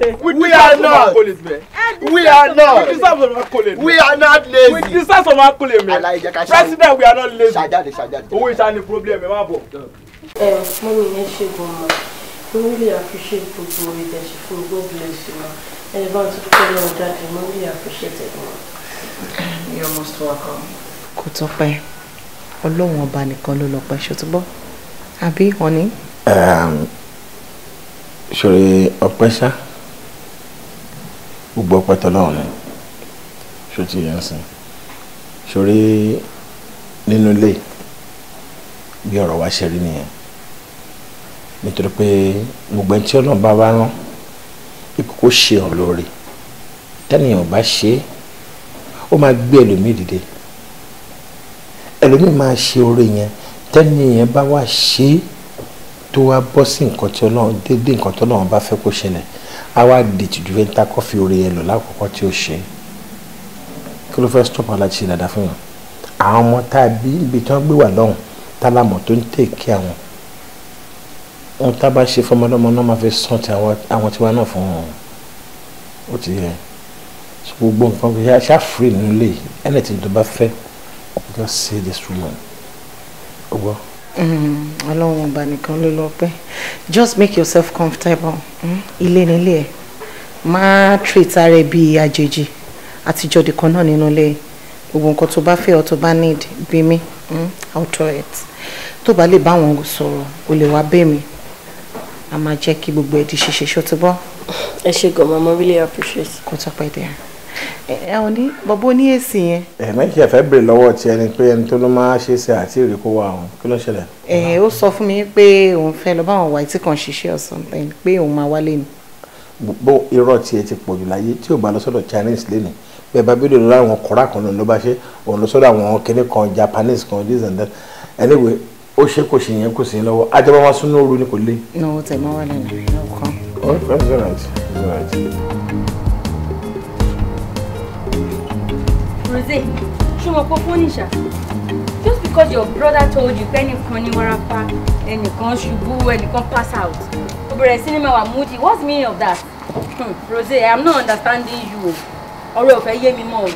you. We are not. We are not. We are not lazy. With his hands over Akole, man. President, we are not lazy. Owó ìṣá ni problem, ẹ má bọ̀. Eh, ẹ ṣe gan mọ mo really gbogbo ìdẹ̀sí fún god bless you ma ẹ lè bá wọn tún pẹ́ lọ́wọ́ dáadé mo really appreciate ẹ kò tó pẹ́ ọlọ́run ọba nìkan ló lọ pẹ́ ṣòtúbọ̀ àbí honey. Ehm, ṣòro ọpẹ́ ṣá gbogbo ọpẹ́ tọ́lọ́run ni ṣó ti yẹn sìn ṣòro nínú ilé bí ọ̀rọ̀ wa ṣe rí nìyẹn nítorí pé gbogbo ẹni tí ọlọ́run bá wá rán ipò kó ṣe hàn lóore tẹ́nìyàn ò bá ṣe é ó máa gbé ẹlòmíì dìde ẹlòmíì máa ṣe oore yẹn tẹ́nìyàn bá wá ṣe é tó wá bọ́ sí nǹkan tí ọlọ́run dédé nǹkan tí ọlọ́run bá fẹ́ kó ṣẹlẹ̀ á wá di tìjú fẹ́ ta kọ́fì oore yẹn lò lákòókò tí ó ṣe kí ló fẹ́ stop aláṣẹ dáadáa fún yàn àwọn ọmọ tá a bí ibi tí wọ́n gbé wà lọ́hùn tálámọ̀ tó ń tèké àwọn ohun tá ṣe fọmọdọ́mọ náà máa fi sàn ti àwọn tiwa náà fún wọn ó ti yẹ gbogbo nǹkan kò yá ṣáà nínú ilé yìí anything tó bá fẹ́ just say this woman ó gbọ́. Mm-hmm. ọlọ́run ọba nìkan ló lọ pẹ́ just make yourself comfortable hmm? ilé nílé ẹ̀ máa treat ara ẹ bíi àjèjì àtijọ́ dìkan náà nínú ilé yìí gbogbo nǹkan tó bá fẹ́ ọ tó bá need bí mi hmm? I'll do it tó bá lè bá àwọn sọ̀rọ̀ o lè wá bẹ́ mi a máa jẹ́ kí gbogbo ẹ̀ di ṣíṣe ẹ ṣe gan mama really appreciate. kò tọ́ pẹ́ dẹ́ ẹ ò ní bọ́bọ́ ní èsì yẹn. ẹ méjì ẹ fẹ́ béèrè lọ́wọ́ ti ẹni pé ẹni tó ló máa ṣe ṣe àti èrè kó wá òun kí ló ṣẹlẹ̀. ẹ ó sọ fún mi pé òun fẹ́ lọ báwọn wà tí kàn ṣiṣẹ́ or something pé òun máa wálé ni. gbogbo irọ́ tiẹ̀ ti pọ̀ jù láyé tí ò bá lọ sọ́dọ̀ Chinese lẹ́nu pé bá bílẹ̀ lọ́wọ́ àwọn kọ́ra kan ló bá ṣe òun lọ sọ́dọ̀ àwọn kinní Japanese kan this and that anyway ó ṣe kò ṣe yẹn kò sí lọ́wọ́ ajọba wa sún lóru ni kò lé. ní owó tẹ̀ mọ́ wà lẹ́nu ọkọ. all right all right all right. Rosé ṣé wọn kó fún nìṣà just because your brother told you pé ẹnìkan ní wárápá ẹnìkan ṣubú ẹnìkan pass out ó bẹ̀rẹ̀ sí ní máa moody what's the meaning of that hmm. Rosé i'm not understanding you ọ̀rọ̀ ò fẹ́ yé mi mọ́ o.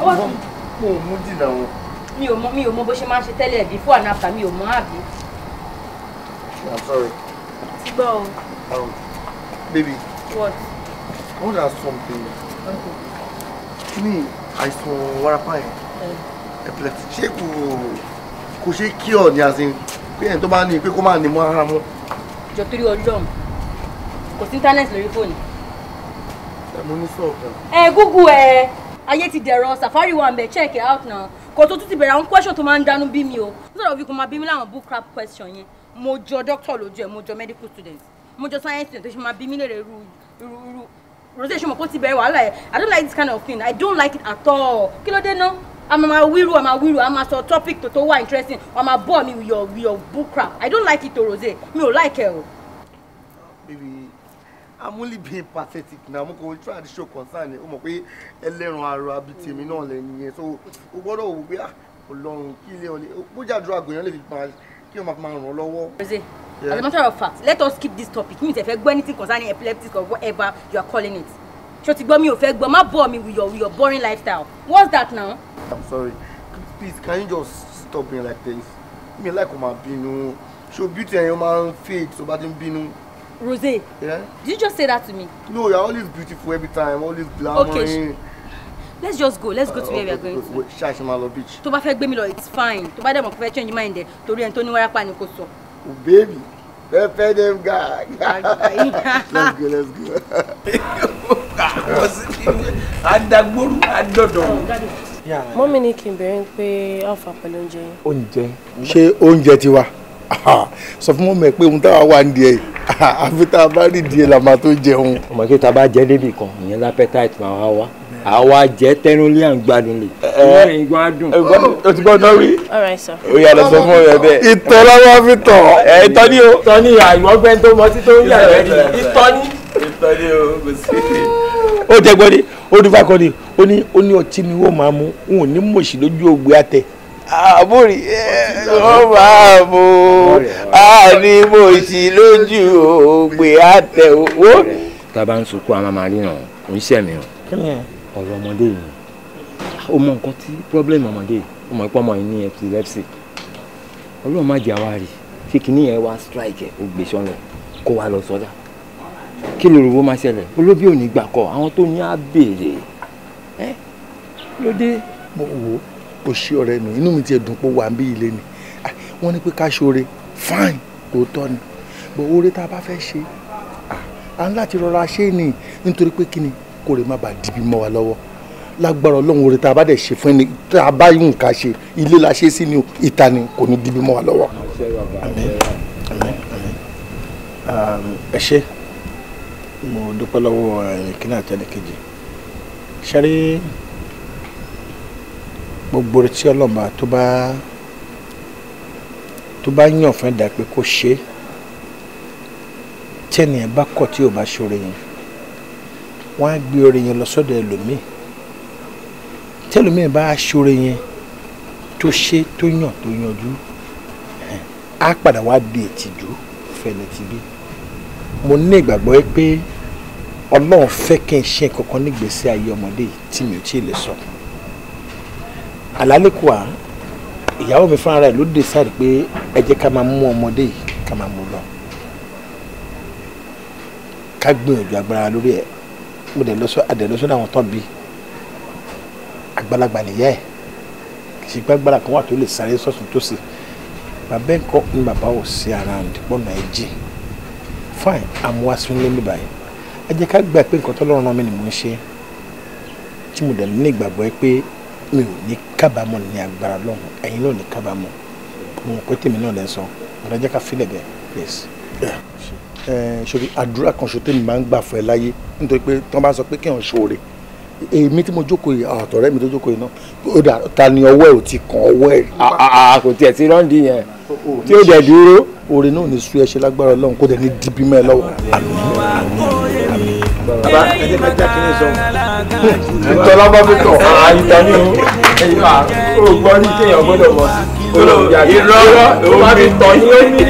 àwọn ọmọ mi ò moody làwọn mi ò mọ mi ò mọ bó ṣe máa ń ṣe tẹ́lẹ̀ before and mi ò mọ àbí. i'm sorry. ti gbọ́ o. um baby. what. i wan ask something. okay. mi àìsàn warapa yẹn epilepsy ṣé kò kò ṣe cure ni as in pé ẹni tó bá ní pé kó máa ní mọ́ ara mọ́. jọ torí ọlọ́run kò sí íńtánẹ́ẹ̀tì lórí fóònù. ẹ mo ní sọ̀rọ̀ kan. ẹ Google ẹ ayé ti dẹ̀rọ safari one. ń check it out now kò tó tún ti bẹ̀rẹ̀ àwọn question to máa ń dánú bí mi o nítorí òbí kò máa bí mi láwọn book crap question yẹn mo jọ doctor lójú ẹ mo jọ medical student mo jọ science student tó ṣe máa bí mi lèrè irú irú irú rosé ṣe mọ̀ ti bẹ̀rẹ̀ wàhálà ẹ̀ i don't like this kind of thing i don't like it at all kí ló no? I'm a máa I'm a máa I'm a máa sọ topic tó tó wà interesting a máa bore mi with your your book crap i don't like it o rosé mi ò like ẹ o. I'm only being pathetic now mo kò try to show concern o mọ̀ pé ẹlẹ́ran ara bíi tèmi náà lẹ́nu yẹn so o gbọ́dọ̀ wò pé ah, ọlọ́run kí ilé ọlẹ́ bójà dúró àgbèyàn lè fi máa kí wọ́n máa ràn ọ́ lọ́wọ́. as a matter of fact let us keep this topic You tẹ fẹ́ gbọ́ anything concerning epileptic or whatever you are calling it ṣó ti gbọ́ mi ò fẹ́ gbọ́ má bore me with your with your boring lifestyle what's that now. i'm sorry please can you just stop being like this Me like o ma bínú so beauty ẹ̀yin o ma n fade tó bá ti ń Rosé. yeah? did you just say that to me? No, you're always beautiful every time, always glamorous. Okay, let's just go let's go to uh, where okay, we are going go, to. ṣe àṣemá beach. To bá fẹ́ gbé it's fine To bá dẹ̀ mọ̀ kó change mind ẹ̀ torí ẹni tó ní wárápá ni kò oh, baby fẹ́ fẹ́ dem guy. let's go let's go. àwọn sí ni adagbóru adọ̀dọ̀. mọ́mí ni kì í bẹ̀rẹ̀ pé alfa She oúnjẹ yín sọ fún mọ́mọ́ ẹ pé ohun táwa wà ń ẹ àfi tá a bá rí ẹ la tó jẹun. ọmọ kí tá a bá jẹ débì kan ìyẹn lápẹ́tàìtì máa wá wá àwa jẹ tẹnulẹ à ń gbádùn lè. ẹ ẹ o ti gbọ́ náà rí. o yà lọ sọ fún ọyọ bẹ́ẹ̀. ìtọ̀ la wá fi tọ̀. ẹ ìtọ̀ ni o. ìtọ̀ ni àìmọ́gbẹ́ni tó mọtí tó ń yàgbẹ́ ni ìtọ̀ ni. ìtọ̀ ni o kò sí. ó jẹ gbọ́dí ó dúpọ̀ akọni ó ní ọtí ni wọ́n máa mú n ò ní mọ̀ọ́sí lójú ògbé àtẹ àbórí wọ́n máa mú àní mo sì lójú ògbé àtẹ owó. ń sunkún àwọn máa ríran kò ń mi o ọ̀rọ̀ ọmọdé yìí ó mọ nǹkan tí pọ́blẹ́mù ọmọdé yìí ó mọ ìpọ́nmọ́ yìí ní epilepsy ọlọ́run má jẹ́ àwa rí kí kinní yẹn wá strike ẹ̀ ó gbé sọ́nà kó wa lọ sọ́dà kí lóru wo máa ṣẹlẹ̀ olóbí ò ní gbà kọ́ àwọn tó ní á béèrè ẹ́ lóde mo wò ó o ṣé ọ̀rẹ́ mi inú mi ti dùn pé wà ń bí ilé ni wọ́n ní pé ká ṣoore fine òótọ́ ni bọ̀ oore tá a bá fẹ́ ṣe à ń láti rọra ṣe ni nítorí pé kíni kò rè má bàa dìbì mọ́ wa lọ́wọ́ lágbára ọlọ́run oore tá a bá dẹ̀ ṣe fún ẹni tá a bá yùn ká ṣe ilé la ṣe sí ni ìta ni kò ní dìbì mọ́ wa lọ́wọ́. àmín ẹ ṣé mo dúpẹ́ lọ́wọ́ ẹ̀yìn kí náà tẹ́lẹ̀ kejì ṣẹ́rí gbogbo tí ọlọ́mọba tó bá tó bá yàn fún ẹ̀dá pé kó ṣe é tẹ́nìyàn bá kọ̀ tí ò bá ṣoore yẹn wọ́n á gbé oore yẹn lọ sọ́dọ̀ ẹlòmíì tẹ́lòmíì bá ṣoore yẹn tó ṣe tó yàn tó yanjú á padà wá di ètìjú fẹ̀lẹ̀ tìbí mo ní ìgbàgbọ́ pé ọlọ́run fẹ́ kí n ṣe nǹkan kan nígbèésí ayé ọmọdé tí mi ò tí ì lè sọ. So àlálẹ́kùá ìyàwó mi fúnra rẹ̀ ló decide pé ẹ jẹ́ ká máa mú ọmọdé yìí ká máa mú lọ ká gbìyànjú agbára lórí ẹ̀ mo dẹ̀ lọ sọ adẹ̀ lọ sọ́dọ̀ tán bíi àgbàlagbà nìyá kì í ṣe gbàgbára kan wà tó lè sáré sọ̀tún tó sì bàbá ẹ̀kọ́ ni bàbá ò sí around pọ̀nà ẹ̀ jì fine amúhásúnlé mi báyìí ẹ jẹ́ ká gbà pé nǹkan tó lọ́rùn náà mi ni mò ń ṣe tí mo dẹ̀ ní ìgbàgbọ́ pé mi ò ní kábàámọ̀ ní agbára lọ́hùn ẹ̀yin náà ní kábàámọ̀ mo pé tèmi náà lẹ́ sọ ọ̀rọ̀ jẹ́ ká filẹ̀ bẹ́ẹ̀ please. ẹ ṣòrí àdúrà kan ṣo tèmi máa ń gbà fún ẹ láyé nítorí pé tí wọ́n bá sọ pé kí wọ́n ṣoore èmi tí mo jókòó yìí àtọ̀rẹ́ mi tó jókòó yìí náà ó dà ta ni ọwọ́ ẹ̀ ò ti kàn ọwọ́ ẹ̀. kò tiẹ̀ ti rọ́ǹdì yẹn tí ó dẹ̀ dúró. oore náà ní sú ẹṣẹ lágbára Ọlọ́run kó dẹ̀ ní dìbímọ́ ẹ lọ́wọ́ àmín àmín baba ẹ jẹ́ ká já sọ. ìtọ́lá bá fi tọ̀ àyíká ni o ẹ̀yìn wa o gbọ́ ní kéèyàn gbọ́dọ̀ mọ̀ sí olóògbé àti irọ́ o má fi tọ̀ ní omi.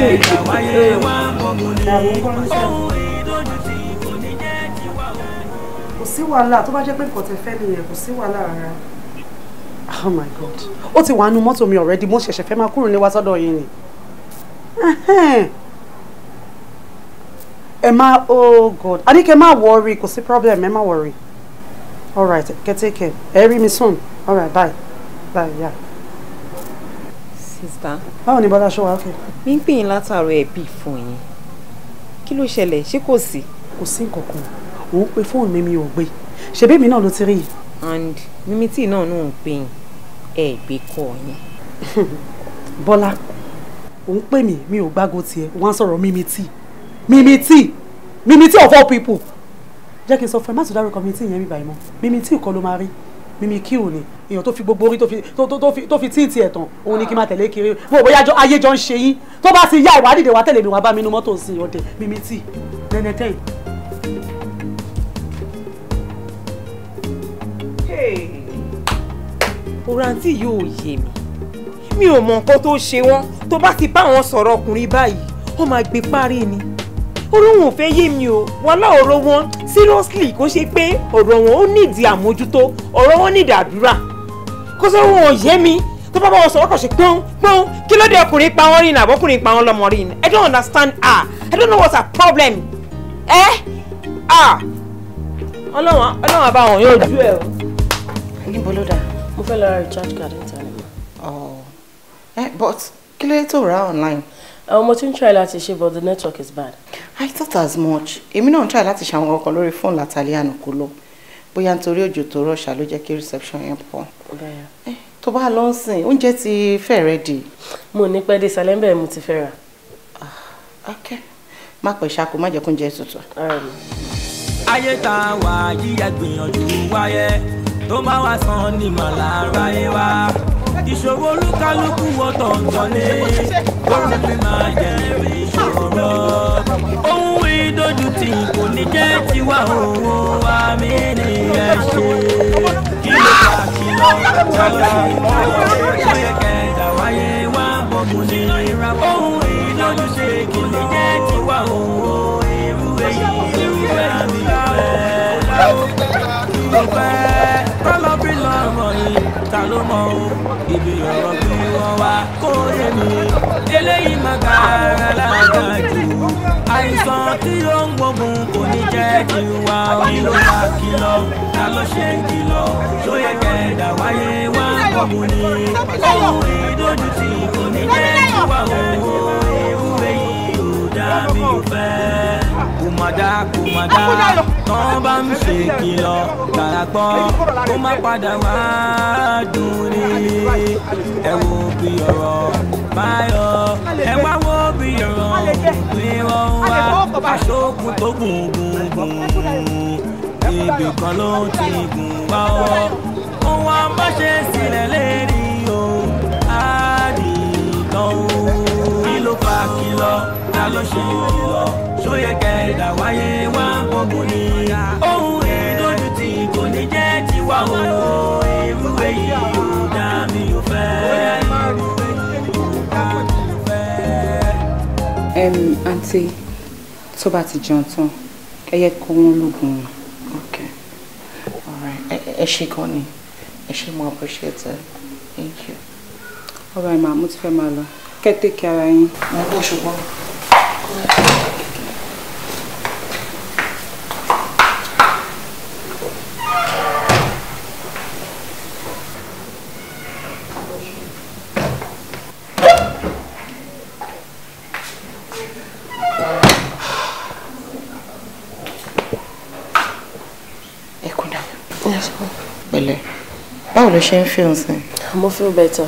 kò sí wàhálà tó bá jẹ́ pé nǹkan tẹ fẹ́ nìyẹn kò sí wàhálà rárá. oh my god ó ti wà nínú mọ́tò mi already mo ṣẹ̀ṣẹ̀ fẹ́ máa kúrò ní wàsọ́dọ̀ yìí ni ẹ má oh god a ní kẹ má worry kò sí problem ẹ má All right, get take care ẹ rí mi soon All right, bye bye yeah. sister. báwo ni bọ́lá ṣọwọ́ okay. mi ń pè yín látàárọ̀ ẹ̀ bí fún yín kí ló ṣẹlẹ̀ ṣé kò sí. kò sí nǹkan kan òun pe fóònù mi mi ò gbé ṣebí èmi náà ló ti rí yìí. and mímí tí náà náà ń pè yín ẹ gbé kọ yín. bọ́lá òun pè mí mi ò gbágo tiẹ̀ wọ́n á sọ̀rọ̀ mímí tíì Mimiti Mimiti of all people jẹ́ kí n sọ fún ẹ má tún dárúkọ Mimiti yẹn bíbá yìí mọ́ Mimiti kọ́ ló máa rí Mimiki ò ní èèyàn tó fi gbogbo orí tó fi tíìtì ẹ̀ tán òun ni kí n máa tẹ̀lé kiri wo bóyá ayé jọ ń ṣe yín tó bá ti yá ìwádìí wa tẹ̀lé mi wá bá mi nu mọ́tò sí ọ̀dẹ̀ Mimiti nẹ́nẹ́tẹ́ yìí. òrántí yóò yé mi mi ò mọ nǹkan tó ṣe wọn tó bá ti bá wọn sọ̀rọ̀ ọkùnrin báyìí wọ́n máa gbé párí ni orúhùn fẹ́ yé mi o wọn lá ọ̀rọ̀ wọn seriously kó ṣe pé ọ̀rọ̀ wọn ó nídìí àmójútó ọ̀rọ̀ wọn nídìí àdúrà kó sọ wọn yé mi tó bá bá wọn sọ̀rọ̀ kàn ṣe pọ́n pọ́n kí ló dé ọkùnrin pa wọn rìn àbọ̀kùnrin pa wọn lọ́mọ rìn I don't understand ah I don't know what's her problem ẹ ah ọlọ́wọ́n ọlọ́wọ́n bá wọn yóò ju ẹ o. níbo mo fẹ́ lọ ra recharge card internet ma. ẹ but kí ló dé tó rà online. mo ti ń try láti ṣe but the network is bad. I thought as much. Èmi náà ń try láti ṣàwọn ọkọ̀ lórí fóònù látàlẹ́ àná kò lọ. Bóyá nítorí òjò tó rọ̀ṣà ló jẹ́ kí reception yẹn pọ̀. Eh, tó bá lọ ń sìn, oúnjẹ ti fẹ́ ready. Mo ní pẹ́ dé ìsàlẹ̀ mo ti fẹ́ rà. Ah, okay. Má pẹ̀ ṣáko, má jẹ́ kó oúnjẹ tutù. Ayé tá wà yíyá gbìyànjú wáyé tó máa wá san ní màlára yé wa. Ìṣòro olúkálùkù wọ́tọ̀ ń tọ́lé, ó rẹ̀ fi máa jẹ̀rìí òró. ohun ìdójútì kò ní jẹ́ tiwa òwò wa mí ni ẹ ṣe. kí ló bá kí ló bá lọ́wọ́ ó yẹ kẹta wáyé wá bọ̀bù ní ìra. ohun ìdójútì kò ní jẹ́ tiwa òwò irú èyí irú àmì ìfẹ́. ìfẹ́ kọ́lọ́bí lọ́rọ̀ yìí ta ló mọ̀ ibi ọ̀rọ̀ wa kó yé mi eléyìí má gàrà lágbà jù àìsàn tí ó ń gbógun kò ní jẹ́ kí wá orí ló wá kìlọ̀ ta ló ṣe ń kìlọ̀ tó yẹ kẹ̀dà wáyé wá gbógun ni ohun ìdójútì kò ní jẹ́ kí wá owó ewúrẹ́ yìí ò dá mi ò fẹ́ kò má dá kò má dá kàn bá ń ṣe kìlọ̀ gbàgbọ́ kó má padà wá dùn ní ẹ wo bí ọ̀rọ̀ báyọ̀ ẹ wá wo bí ọ̀rọ̀ pé wọ́n wá aṣọ́kù tó gùn gùn gùn ibì kan ló ti gùn wá ọ́ ohun àbáṣe sílẹ̀ lérí o á dì fa kìlọ̀ ta ló ṣe kìlọ̀ ṣó yẹ wáyé wá gbogbo ni ohun ìdójú tí kò ní jẹ́ tiwa òun ìrúwé yìí ó dá mi ò fẹ́. àǹtí tó bá ti jẹun tán ẹ yẹ kó wọn lóògùn wọn. ẹ ṣe gan ni ẹ ṣe mo appreciate it thank you. ọ̀rọ̀ ẹ̀ màá mo ti fẹ́ máa lọ kẹ́tẹ́kẹ́ ara yín. mo ń bọ̀ ṣùgbọ́n. báwo ló ṣe ń feel nsìn. mo feel better.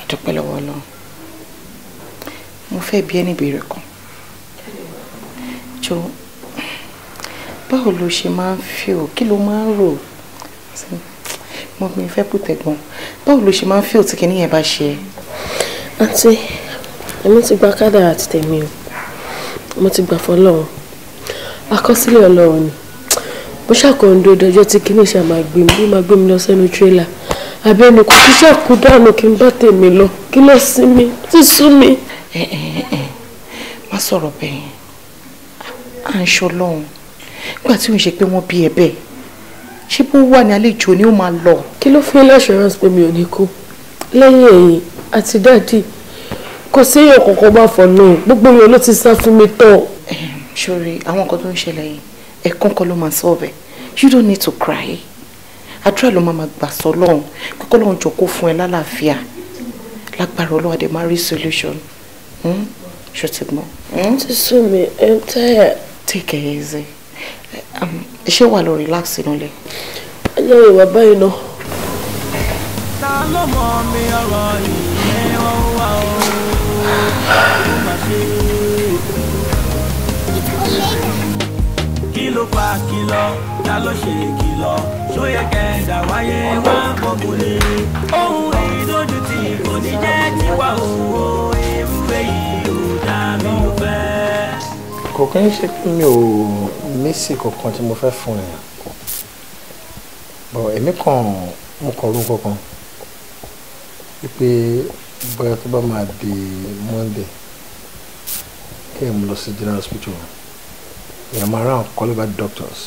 àdúpẹ́ ah, lọ́wọ́ ọlọ́run mo fẹ́ bí ẹni béèrè kan jọ báwo ló ṣe máa ń feel kí ló máa ń rò mo mi fẹ́ pùtẹ̀ gan báwo ló ṣe máa ń feel tí kinní yẹn bá ṣe é. àǹtí èmi ti gba kádàrá ti tèmi o mo ti gbà fọlọ́run àkọsílẹ̀ ọlọ́run ni mo ṣàkóńdó dọjọ́ tí kinní ṣe máa gbé mi bí máa gbé mi lọ sẹ́nu tírélà àbẹ́nu kò fi ṣàkó dànù kí n bá tèmi lọ kí lọ sí mi tí sú mi. ẹ ẹ ẹ má sọ̀rọ̀ bẹ́ẹ̀ à ń ṣọ lọ́hùn nígbà tí òun ṣe pé wọ́n bí ẹ bẹ́ẹ̀ ṣé bó wà ní àlejò ni ó máa lọ. kí ló fún insurance pé mi ò ní kú lẹ́yìn ẹ̀yìn àti dáàdì kò séèyàn kankan bá fọ̀ gbogbo yẹn ló ti sá fún mi tán. sori àwọn nǹkan tó ń ṣẹlẹ̀ yìí ẹ̀ẹ̀kan kan ló máa sọ ọ̀bẹ̀ you don't need to cry àdúrà ló máa gbà sọ lọ́hùn kókó lọ́hùn jọ kó fún ẹ lálàáfíà lágbára ọlọ́wà dé máa rí solution hmm? ṣe ti gbọ́. Hmm? ti sú mi ẹ ń tẹ́yà. take it easy ṣé wà lọ relax inú lẹ. ẹjẹ ìwà báyìí náà. ta ló mọ mi ọ̀rọ̀ ìyẹn wọn wà ó kí ló pa kí lọ ta ló ṣe kìlọ̀ ṣó yẹ kẹta wáyé wá bọ̀bù ni. ohun èyí lójú tí kò ní jẹ́ tiwa òwò ewúwe yìí ò dá mi fẹ́. kò kí n ṣe pé mi ò mísì kankan tí mo fẹ́ fún ẹ̀ bọ̀ èmi kàn mo kàn ló kankan wípé bóyá tó bá máa di Monday kí ẹ̀ lọ sí general hospital ẹ̀ máa rán kọ́lé bá doctors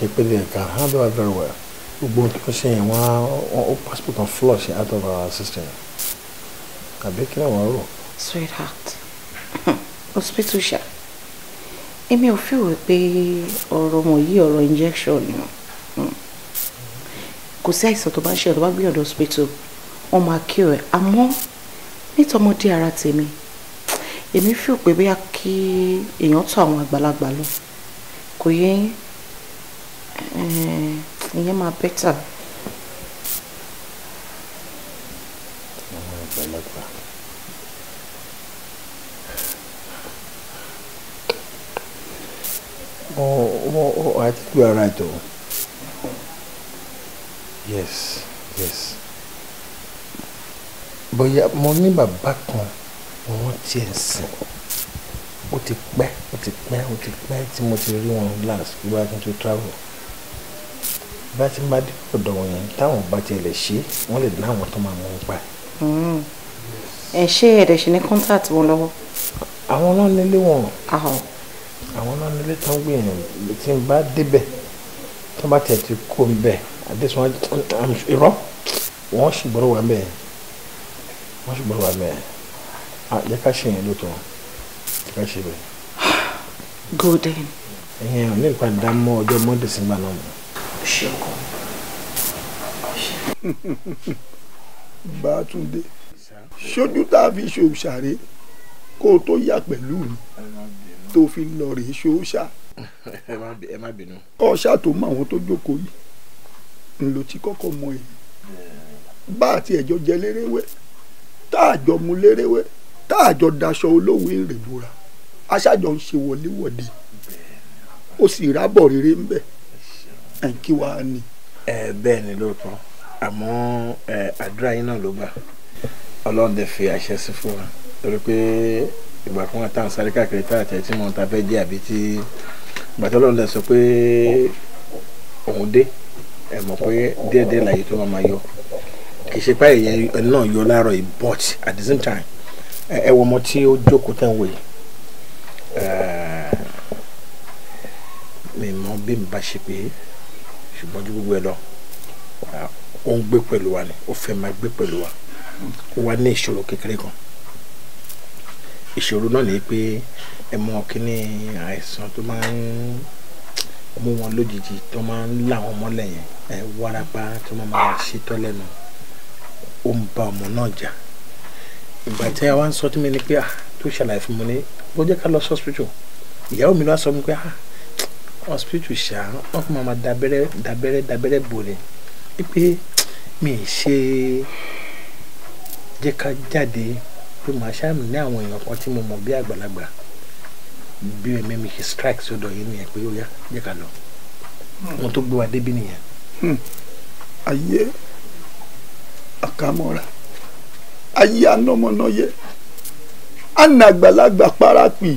jẹ́ pé they can handle very well gbogbo tó ṣe yẹn ó passport kan flush out of our system àbí kí làwọn rò. sweetheart hospital ṣá èmi ò fi wò pé ọ̀rọ̀ wọ̀nyí ọ̀rọ̀ injection ni hmm. kò sí àìsàn tó bá ń ṣe ọ̀dọ́ bá gbé hospital wọ́n máa kí ọ̀ ẹ̀ àmọ́ nítọmọdé ara tèmi èmi fi wò pé bóyá kí èèyàn tó àwọn àgbàlagbà lọ kò yẹ yín ìyẹn máa bẹ́tà. Oh, I think we are right, though. Yes, yes. Bóyá mo ní bàbá kan ni wọ́n ti ẹ̀ sìn. Ó ti pẹ́, ó ti pẹ́, ó ti pẹ́ tí mo ti rí wọn last bí wọ́n á tún tó travel bá ti máa dé ọ̀dọ̀ wọn yẹn táwọn bá tiẹ̀ lè ṣe wọ́n lè dín àwọn tó máa mú un pa. Hmm. ẹ ṣé ẹ̀dẹ̀ ṣe ní contact wọn lọ́wọ́. àwọn náà nílé wọn àwọn náà nílé tán gbìyànjú tí n bá débẹ̀ tó bá tiẹ̀ ti kó n bẹ̀ àdéṣùn um, irọ́ wọ́n ṣùgbọ́n wà mẹ́ẹ̀ wọ́n ṣùgbọ́n wà mẹ́ẹ̀ yẹ ká ṣe yẹn lóòótọ́ yẹ ká ṣe bẹ́ẹ̀. golden. ẹ̀yin ò ní ìpàdé mọ́ ọjọ́ monday sí gbà náà mọ́ ṣe ọkọ bàtúndé ṣojú tá a fi ṣòṣàrè kó o tó yà pẹ̀lú mi tó fi lọ rèé ṣòṣà ẹ má bínú. ọ̀ṣà tó mọ àwọn tó jókòó yìí ńlò tí kọ́kọ́ mọ èyí bá àti ẹ̀jọ́ jẹ lérewé tá àjọ mu lérewé tá àjọ daṣọ olówó ìrìnbùra aṣáájọ ń ṣe wọléwọ̀de ó sì rábọ̀ rere ń bẹ̀ ẹ̀ kí wàá ni. ẹ bẹ́ẹ̀ ni lóòótọ́ àmọ́ àdúrà yín náà ló gbà ọlọ́run dẹ̀ fi àṣẹ sí fún wa torí pé ìgbà kan tá à ń sáré káàkiri tá àtẹ tí mo ta fẹ́ jẹ́ àbí tí ìgbà tó ọlọ́run dẹ̀ sọ pé òun dé ẹ mọ̀ pé díẹ̀díẹ̀ làyè tó máa yọ kì í ṣe pé ẹni náà yọ láàárọ̀ yìí but at the same time ẹ wọ ọmọ tí ó jókòó tẹ̀ ń wò yìí mi mọ bí mi bá ṣe pé ṣùgbọ́n ju gbogbo ẹ lọ ó ń gbé pẹ̀lú wa ni ó fẹ́ máa gbé pẹ̀lú wa ó wá ní ìṣòro kékeré kan ìṣòro náà ni pé ẹ mọ kíní àìsàn tó máa ń mú wọn lójijì tó máa ń là wọn mọ́lẹ̀ yẹn ẹ wárápá tó máa máa ṣe tọ́lẹ̀ nù ó ń ba ọmọ náà jà ìgbà tí a wá ń sọ tí mi ni pé ah tó ṣàlàyé fún mi ni bó jẹ́ ká lọ sọ́spítù ìyàwó mi ló sọ mi pé ah hospital ṣá wọn fún mama dabẹ́rẹ́ dabẹ́rẹ́ dabẹ́rẹ́ bòlẹ̀ wípé mi ì ṣe jẹ́ ká jáde pé màá ṣáàmì ní àwọn èèyàn kan tí mo mọ̀ bí àgbàlagbà bí ẹ̀mí mi ṣe strike sọ́dọ̀ yìí nìyẹn pé ó yá jẹ́ ká lọ wọn hmm. tó gbé wa débi nìyẹn. Hmm. ayé àkàmọ́ra ayé anọ́mọ́náyé àna àgbàlagbà parapì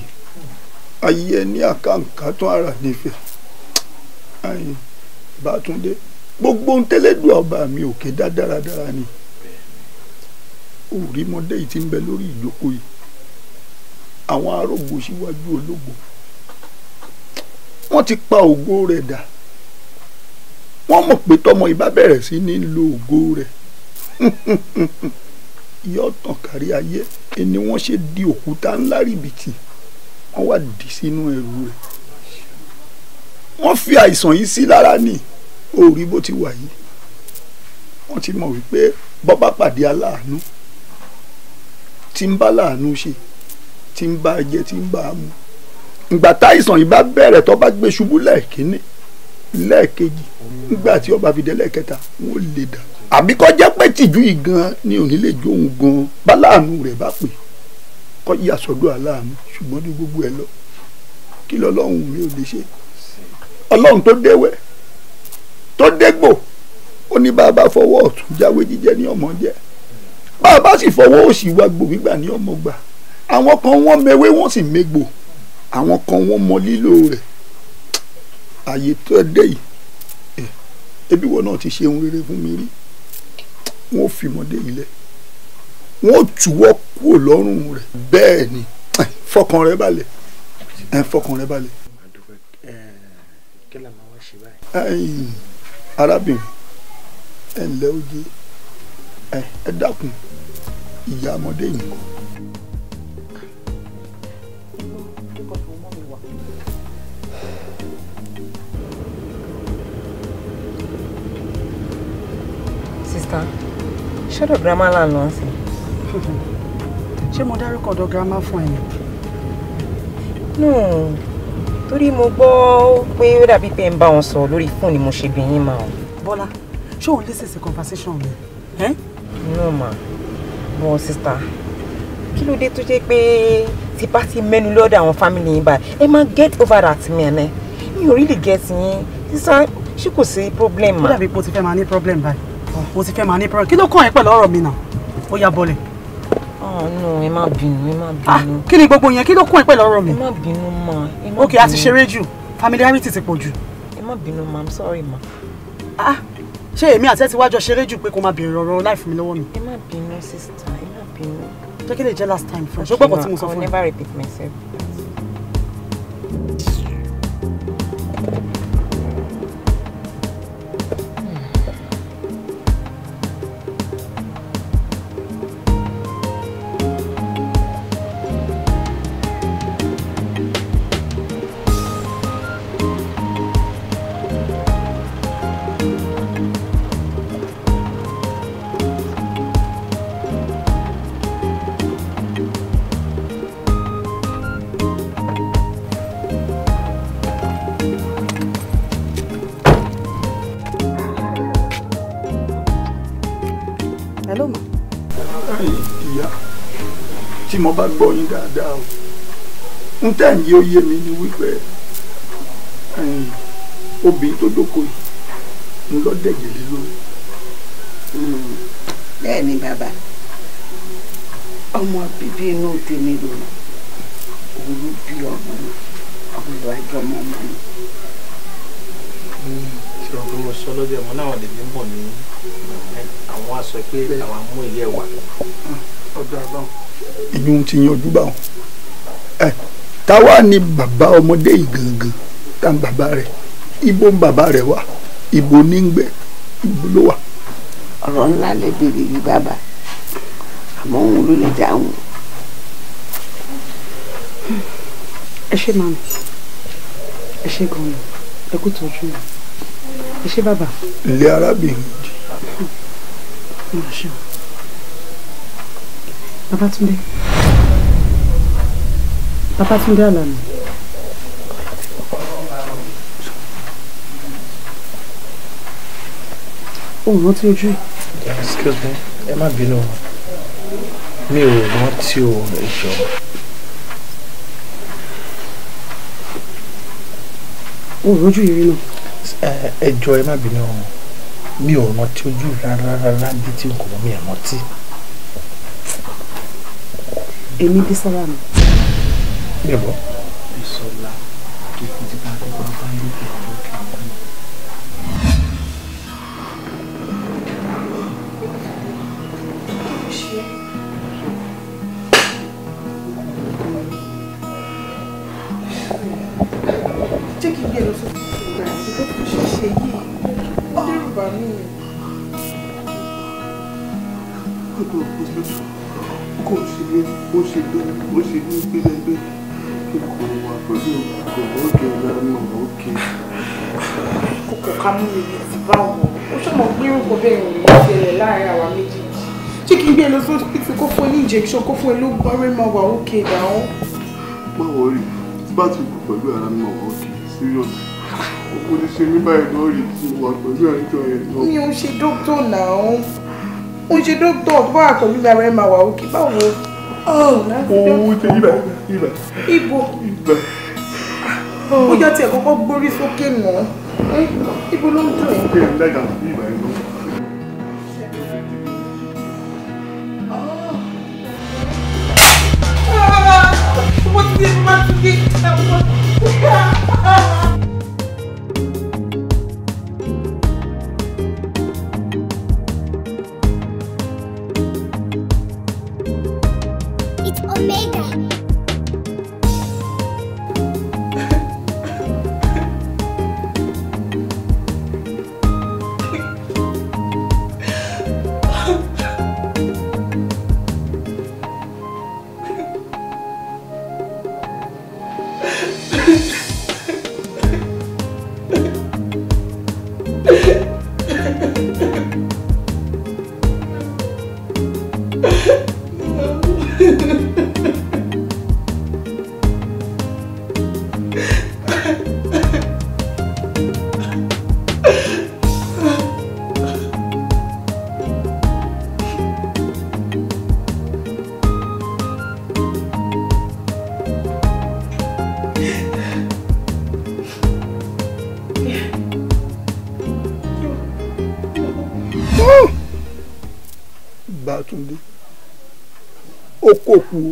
ayé ẹni àkàǹkà tún ara nífẹ̀ẹ́ ayin bàtúndé gbogbo ń tẹ́lẹ̀dùn ọba mi òkè dá dáradára ni òrí mọdé yìí ti ń bẹ lórí ìjókòó yìí àwọn arógbó síwájú ológbò wọ́n ti pa ògo rẹ̀ dà wọ́n mọ̀ pé tọmọ ìbá bẹ̀rẹ̀ sí ní lo ògo rẹ̀ yóò tàn kárí ayé ẹni wọ́n ṣe di òkúta ńlá rìbìtì wọ́n wá dì sínú ẹrù rẹ̀ wọ́n fi àìsàn yìí sí lára ní orí bó ti wà yìí wọ́n ti mọ̀ wípé bọ́ bá pàdé aláàánú tí ń bá láàánú ṣe tí ń bá jẹ tí ń bá mu ìgbà táìsàn yìí bá bẹ̀rẹ̀ tó bá gbé ṣubú lẹ́ẹ̀kínní lẹ́ẹ̀kejì nígbà tí ó bá fi dé lẹ́ẹ̀kẹta wọ́n lè dà àbí kọ́ jẹ́ pé tìjú yìí gan ni òní lè jó òun gan bá láàánú rẹ̀ bá pè kọ́ yíyà sọ́dọ̀ aláàánú ṣùgbọ́n ní gbogbo ẹ̀ lọ kí lọ́lọ́run mi ò lè ṣe ọlọ́run tó déwé tó dégbò ó ní bàbá fọwọ́ ọ̀tún jáwé jíjẹ ní ọmọ jẹ bàbá sì fọwọ́ òsì wá gbò gbígbà ní ọmọ gbà àwọn kan wọ́n mewé wọ́n sì mégbò àwọn kan wọ́n mọ lílò rẹ̀ àyè tó dé yìí ebi wọn náà ti ṣe ohun rere fún mi rí wọn ò fìmọ̀dé ilẹ̀ wọn ò túwọ́ kúrò lọ́rùn rẹ̀ bẹ́ẹ̀ ni fọkàn rẹ balẹ̀ ẹ fọkàn rẹ balẹ̀ arábìnrin ẹ ǹlẹ́ oje ẹ dákun ìyá ọmọdé yìí kọ́. sista ṣọ́dọ̀ girama là ń lọ sí. ṣé mo dárúkọ ọ̀dọ̀ girama fún ẹ ni. no torí mo gbọ́ pé ó dàbí pé ń bá wọn sọ̀rọ̀ lórí fóònù mo ṣe bìyín mà o. bọ́lá ṣé òun lè ṣèṣe conversation mi. no ma bọ́ sista kí ló dé tó jẹ́ pé tí bá ti mẹ́nu lọ́dọ̀ àwọn family yín báyìí ẹ máa get over that man ẹ mi ò really get yín sísan ṣé kò sí problem ma. ó dàbí pé o ti fẹ́ máa ní problem báyìí o ti fẹ́ máa ní problem kí ló kàn ẹ́ pẹ̀lú ọ̀rọ̀ mi náà ó yá bọ́lẹ̀ àánú ah, ẹ má bínú ẹ má ah, bínú. kí ni gbogbo yẹn kí ló kún ẹ pẹ̀lú ọ̀rọ̀ mi. ẹ má bínú ma ẹ má bínú. a ti ṣeré jù familiarity ti pọ̀ jù. ẹ má ma i'm sorry ma. ah ṣé èmi àti ẹ ti wájọ ṣeré jù pé kó máa bèrè ọ̀rọ̀ láì fún mi lọ́wọ́ mi. ẹ má bínú sista ẹ má bínú. jẹ́ kí lè jẹ́ last time for ẹ ṣó gbọ́kọ̀ tí mo sọ fún ẹ. never repeat myself. tí mo bá gbọ́ yín dáadáa o ń tẹ̀ ń yé oyé mi ni wípé obìnrin tó dókòó yìí ń lọ dẹ̀gẹ̀lẹ́ lórí. bẹ́ẹ̀ ni bàbá ọmọ bíbí inú tèmi ló òun ló bí ọmọ mi ọmọ ìlú àjọ ọmọ ọmọ mi. Hmm, ṣé o bí mo sọ lọ́jọ́ ìmọ̀ náà lè ní ní àwọn aṣọ pé àwọn amú ilé wa. Hmm, ọ̀dọ̀ àbáwọn ìyún ti yanjú bá wọn ẹ táwa ni bàbá ọmọdé yìí gangan tá n bàbá rẹ ibo ń bàbá rẹ wà ibo ní ń gbé ibo ló wà. ọ̀rọ̀ ńlá lè béèrè yìí bàbá àmọ́ òun ló lè dáhùn. ẹ ṣe màmí ẹ ṣe gan-an ẹ kú tọ́jú ẹ ṣe bàbá. ilé arábìnrin jì. mo ṣe Babatunde. Babatunde Alani. Òun oh, rántí ojú ẹ̀. Excuse me, ẹ má bínú. Mi ò rántí òun ìjọ. Òun rójú ìrìn náà. Ẹ jọ̀ọ́ ẹ má bínú. Mi ò rántí ojú rárá rárá bí tí n kò mọ̀ mi ẹ̀ rántí èmi Bísọ́lá mi. yẹ fún ẹ ló gbọ́rẹ́ máa wà òkè ìdáwọ́. má wọrí bá ti kú pẹ̀lú ara mi máa wà òkè serious òkú ti ṣe mí báyìí náà rí tí mo wà pẹ̀lú ẹ̀jọ́ yẹn náà. mi ò ṣe dókítà náà ń ṣe dókítà tó bá wà pẹ̀lú ara ẹ máa wà òkè báwo. owó ti ibà ibà. ibo ibà. ó tiẹ̀ kọ́kọ́ gbórí sókè náà ibo ló ń dùn ẹ́. kòkú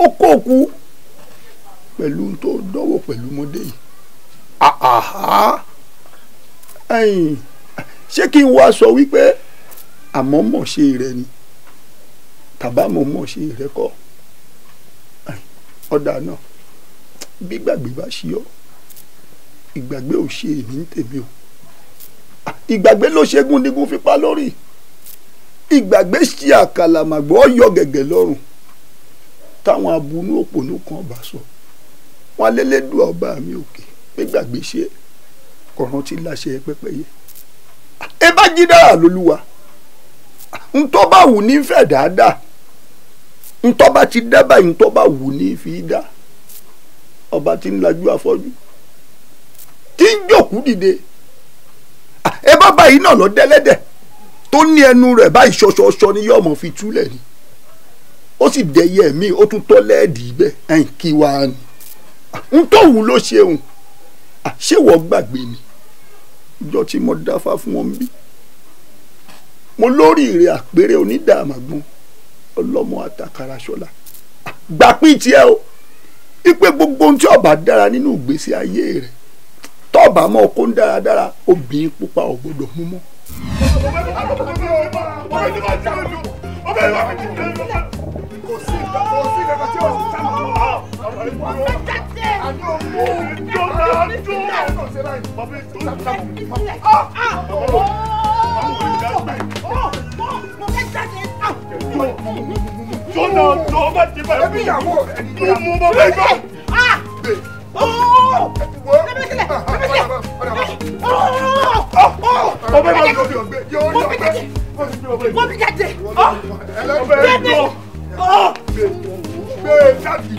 ó kòkú pẹ̀lú tó dánwò pẹ̀lú mọ́dé yìí àhà ẹ̀yìn ṣé kí n wá sọ wípé àmọ́ ṣe rẹ ni tàbá mọ̀ mọ̀ ṣe rẹ kọ́ ọ̀dà náà bí gbàgbé bá ṣe ọ́ ìgbàgbé ò ṣe èmi ń tèmi o ìgbàgbé ló ṣe gúndígún fipá lórí ìgbàgbé ṣe àkàlàmàgbọ́ yọ gẹ̀gẹ̀ lọ́rùn táwọn abunú òpònú kan bá sọ wọn alẹ́lẹ́dùn ọba mi òkè gbégbàgbé ṣe kọ̀ọ̀rán tí láṣẹ pẹ́pẹ́yẹ. ẹ bá jí dára lólúwa ntọ́ bá wù ní fẹ́ dáadáa ntọ́ bá ti dá báyìí ntọ́ bá wù ní fi dá ọba tí ń lajú afọ́jú tí ń jòkú dìde ah, ẹ bá báyìí náà lọ dẹ́lẹ́dẹ́ tó ní ẹnu rẹ̀ báyìí ṣọṣọṣọ ni yọ̀ọ̀mọ̀ fi túlẹ̀ ni ó sì dẹyẹ mi ó tún tọ́ lẹ́ẹ̀dì ibẹ̀ ẹ̀yìn kí wá ni n tó wù ló ṣeun àṣewọ̀ gbàgbé ni ìjọ tí mo dáfá fún wọn bí mo lórí ìrè àpérè onídàámàgbọ́n ọlọ́mọ àtàkàrà ṣọlá gbà pín tiẹ̀ o ipe gbogbo ohun tí ọba dára nínú ìgbésí ayé rẹ̀ tọ́ọ̀bà mọ́ ọkọ́ ń dáradára obìnrin pupa ò gbọ́dọ̀ mú mọ́. Ọbẹ̀ ma wọ́n mi jáde. jáde.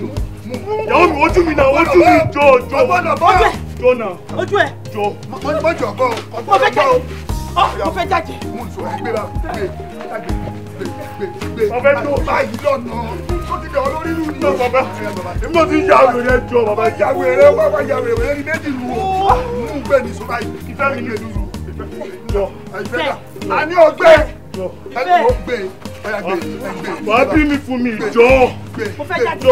yàwó mi ojú mi náà ojú mi jọ jọ jọ náà. ojú ẹ. jọ. mo jọ bọ ọ. mo fẹ́ jáde. mo fẹ́ jáde. mo sọ ẹ gbéra gbé jáde gbé gbé gbé báyìí lọ́nà ti dẹ̀ olórí ìlú ní bàbá nígbà tí ìyá wèrè jọ bàbá ìyá wèrè bàbá ìyá wèrè wèrè ní méjì lu o mú bẹ́ẹ̀ ní sọ́ba yìí ìfẹ́ mi ní ìlú lu jọ àìfẹ́ dà á ní ọgbẹ́ jọ. ẹ jọ gbé ẹ gbé gbé. wàá bí mi fún mi jọ. mo fẹ́ jáde